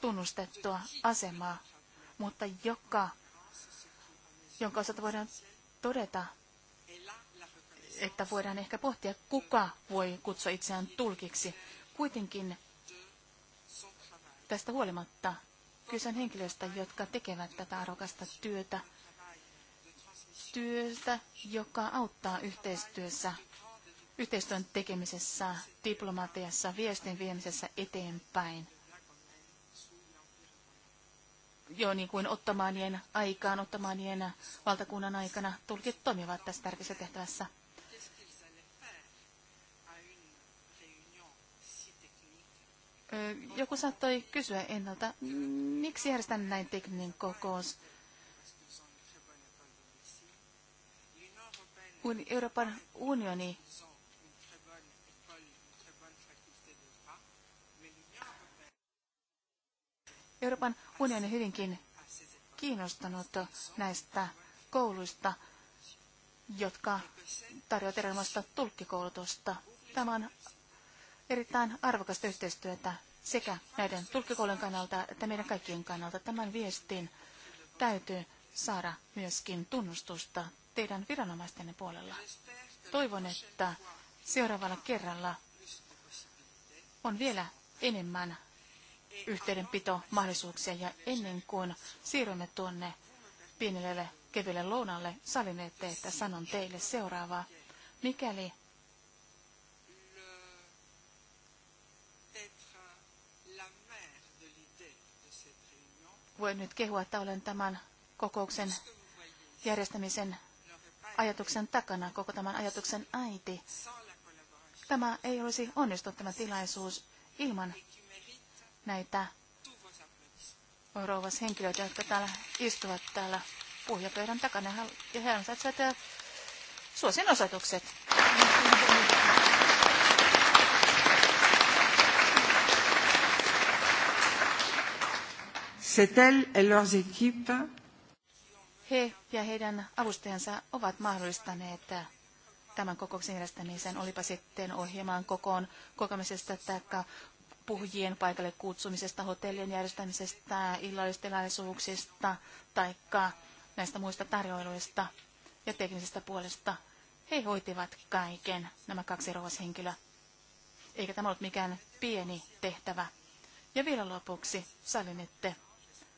tunnustettua asemaa, mutta joka, jonka osalta voidaan todeta, että voidaan ehkä pohtia, kuka voi kutsua itseään tulkiksi. Kuitenkin tästä huolimatta kyse on henkilöistä, jotka tekevät tätä arvokasta työtä, työstä, joka auttaa yhteistyössä, yhteistyön tekemisessä, diplomatiassa, viestin viemisessä eteenpäin jo niin kuin ottamaanien aikaan, ottamaanien valtakunnan aikana tulkit toimivat tässä tärkeässä tehtävässä. Joku saattoi kysyä ennalta, miksi järjestän näin tekninen kokous? Euroopan unioni Euroopan unioni hyvinkin kiinnostunut näistä kouluista, jotka tarjoavat erilaista tulkkikoulutusta. Tämä on erittäin arvokasta yhteistyötä sekä näiden tulkkikoulun kannalta että meidän kaikkien kannalta. Tämän viestin täytyy saada myöskin tunnustusta teidän viranomaistenne puolella. Toivon, että seuraavalla kerralla on vielä enemmän Yhteydenpito mahdollisuuksia ja ennen kuin siirrymme tuonne pienelle kevyelle lounalle salin eteen, että sanon teille seuraavaa. Mikäli voin nyt kehua, että olen tämän kokouksen järjestämisen ajatuksen takana, koko tämän ajatuksen äiti. Tämä ei olisi onnistunut tämä tilaisuus ilman näitä rouvashenkilöitä, jotka täällä istuvat täällä puhjapöydän takana. Ja he ansaitsevat suosin osoitukset. C'est et leurs équipes. He ja heidän avustajansa ovat mahdollistaneet tämän kokouksen järjestämisen, olipa sitten ohjelman kokoon kokemisesta tai puhujien paikalle kutsumisesta, hotellien järjestämisestä, illallistilaisuuksista tai näistä muista tarjoiluista ja teknisestä puolesta. He hoitivat kaiken, nämä kaksi rouvashenkilöä. Eikä tämä ollut mikään pieni tehtävä. Ja vielä lopuksi salinette,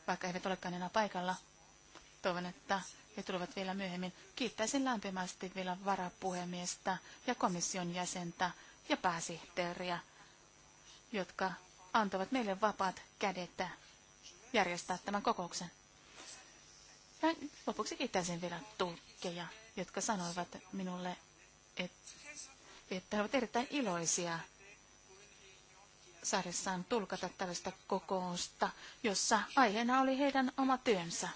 vaikka eivät olekaan enää paikalla. Toivon, että he tulevat vielä myöhemmin. Kiittäisin lämpimästi vielä varapuhemiestä ja komission jäsentä ja pääsihteeriä jotka antavat meille vapaat kädet järjestää tämän kokouksen. Ja lopuksi kiittäisin vielä tulkkeja, jotka sanoivat minulle, että, he ovat erittäin iloisia saadessaan tulkata tällaista kokousta, jossa aiheena oli heidän oma työnsä.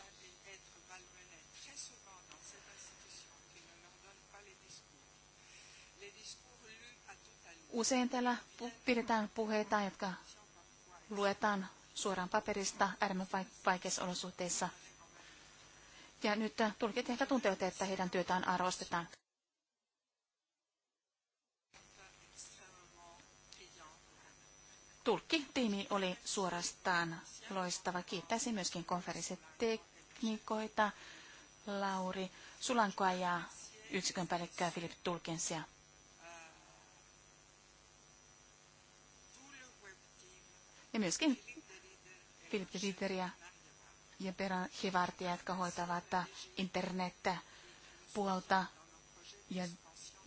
Usein täällä pidetään puheita, jotka luetaan suoraan paperista äärimmän vaikeissa olosuhteissa. Ja nyt äh, tulkit ehkä tuntevat, että heidän työtään arvostetaan. Tulkkitiimi oli suorastaan loistava. Kiittäisin myöskin konferenssiteknikoita, Lauri Sulankoa ja yksikön päällikköä Filip Tulkensia. Ja myöskin Philip Dieteriä ja Peran Hivartia, jotka hoitavat internettä puolta ja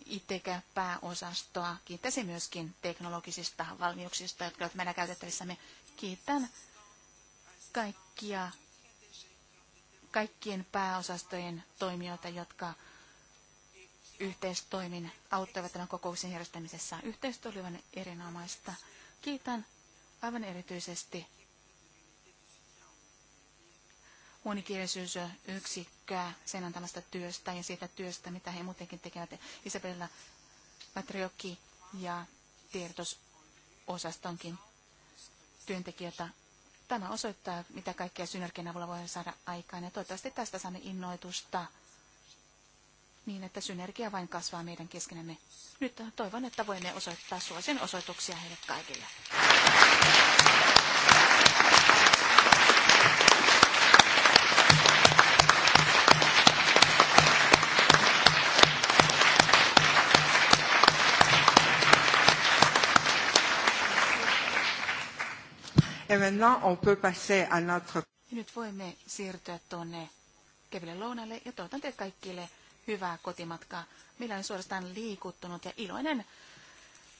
itsekä pääosastoa. Kiittäisin myöskin teknologisista valmiuksista, jotka ovat meidän käytettävissämme. Kiitän kaikkia, kaikkien pääosastojen toimijoita, jotka yhteistoimin auttavat tämän kokouksen järjestämisessä. Yhteistyö oli erinomaista. Kiitän aivan erityisesti yksikköä sen antamasta työstä ja siitä työstä, mitä he muutenkin tekevät. Isabella Patriokki ja tiedotusosastonkin työntekijöitä. Tämä osoittaa, mitä kaikkea synergian avulla voidaan saada aikaan ja toivottavasti tästä saamme innoitusta niin, että synergia vain kasvaa meidän keskenämme. Nyt toivon, että voimme osoittaa suosien osoituksia heille kaikille. Et maintenant, on peut passer à notre... Nyt voimme siirtyä tuonne kevyelle lounalle ja toivotan teille kaikille hyvää kotimatkaa. Minä olen suorastaan liikuttunut ja iloinen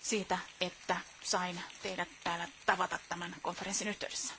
siitä, että sain teidät täällä tavata tämän konferenssin yhteydessä.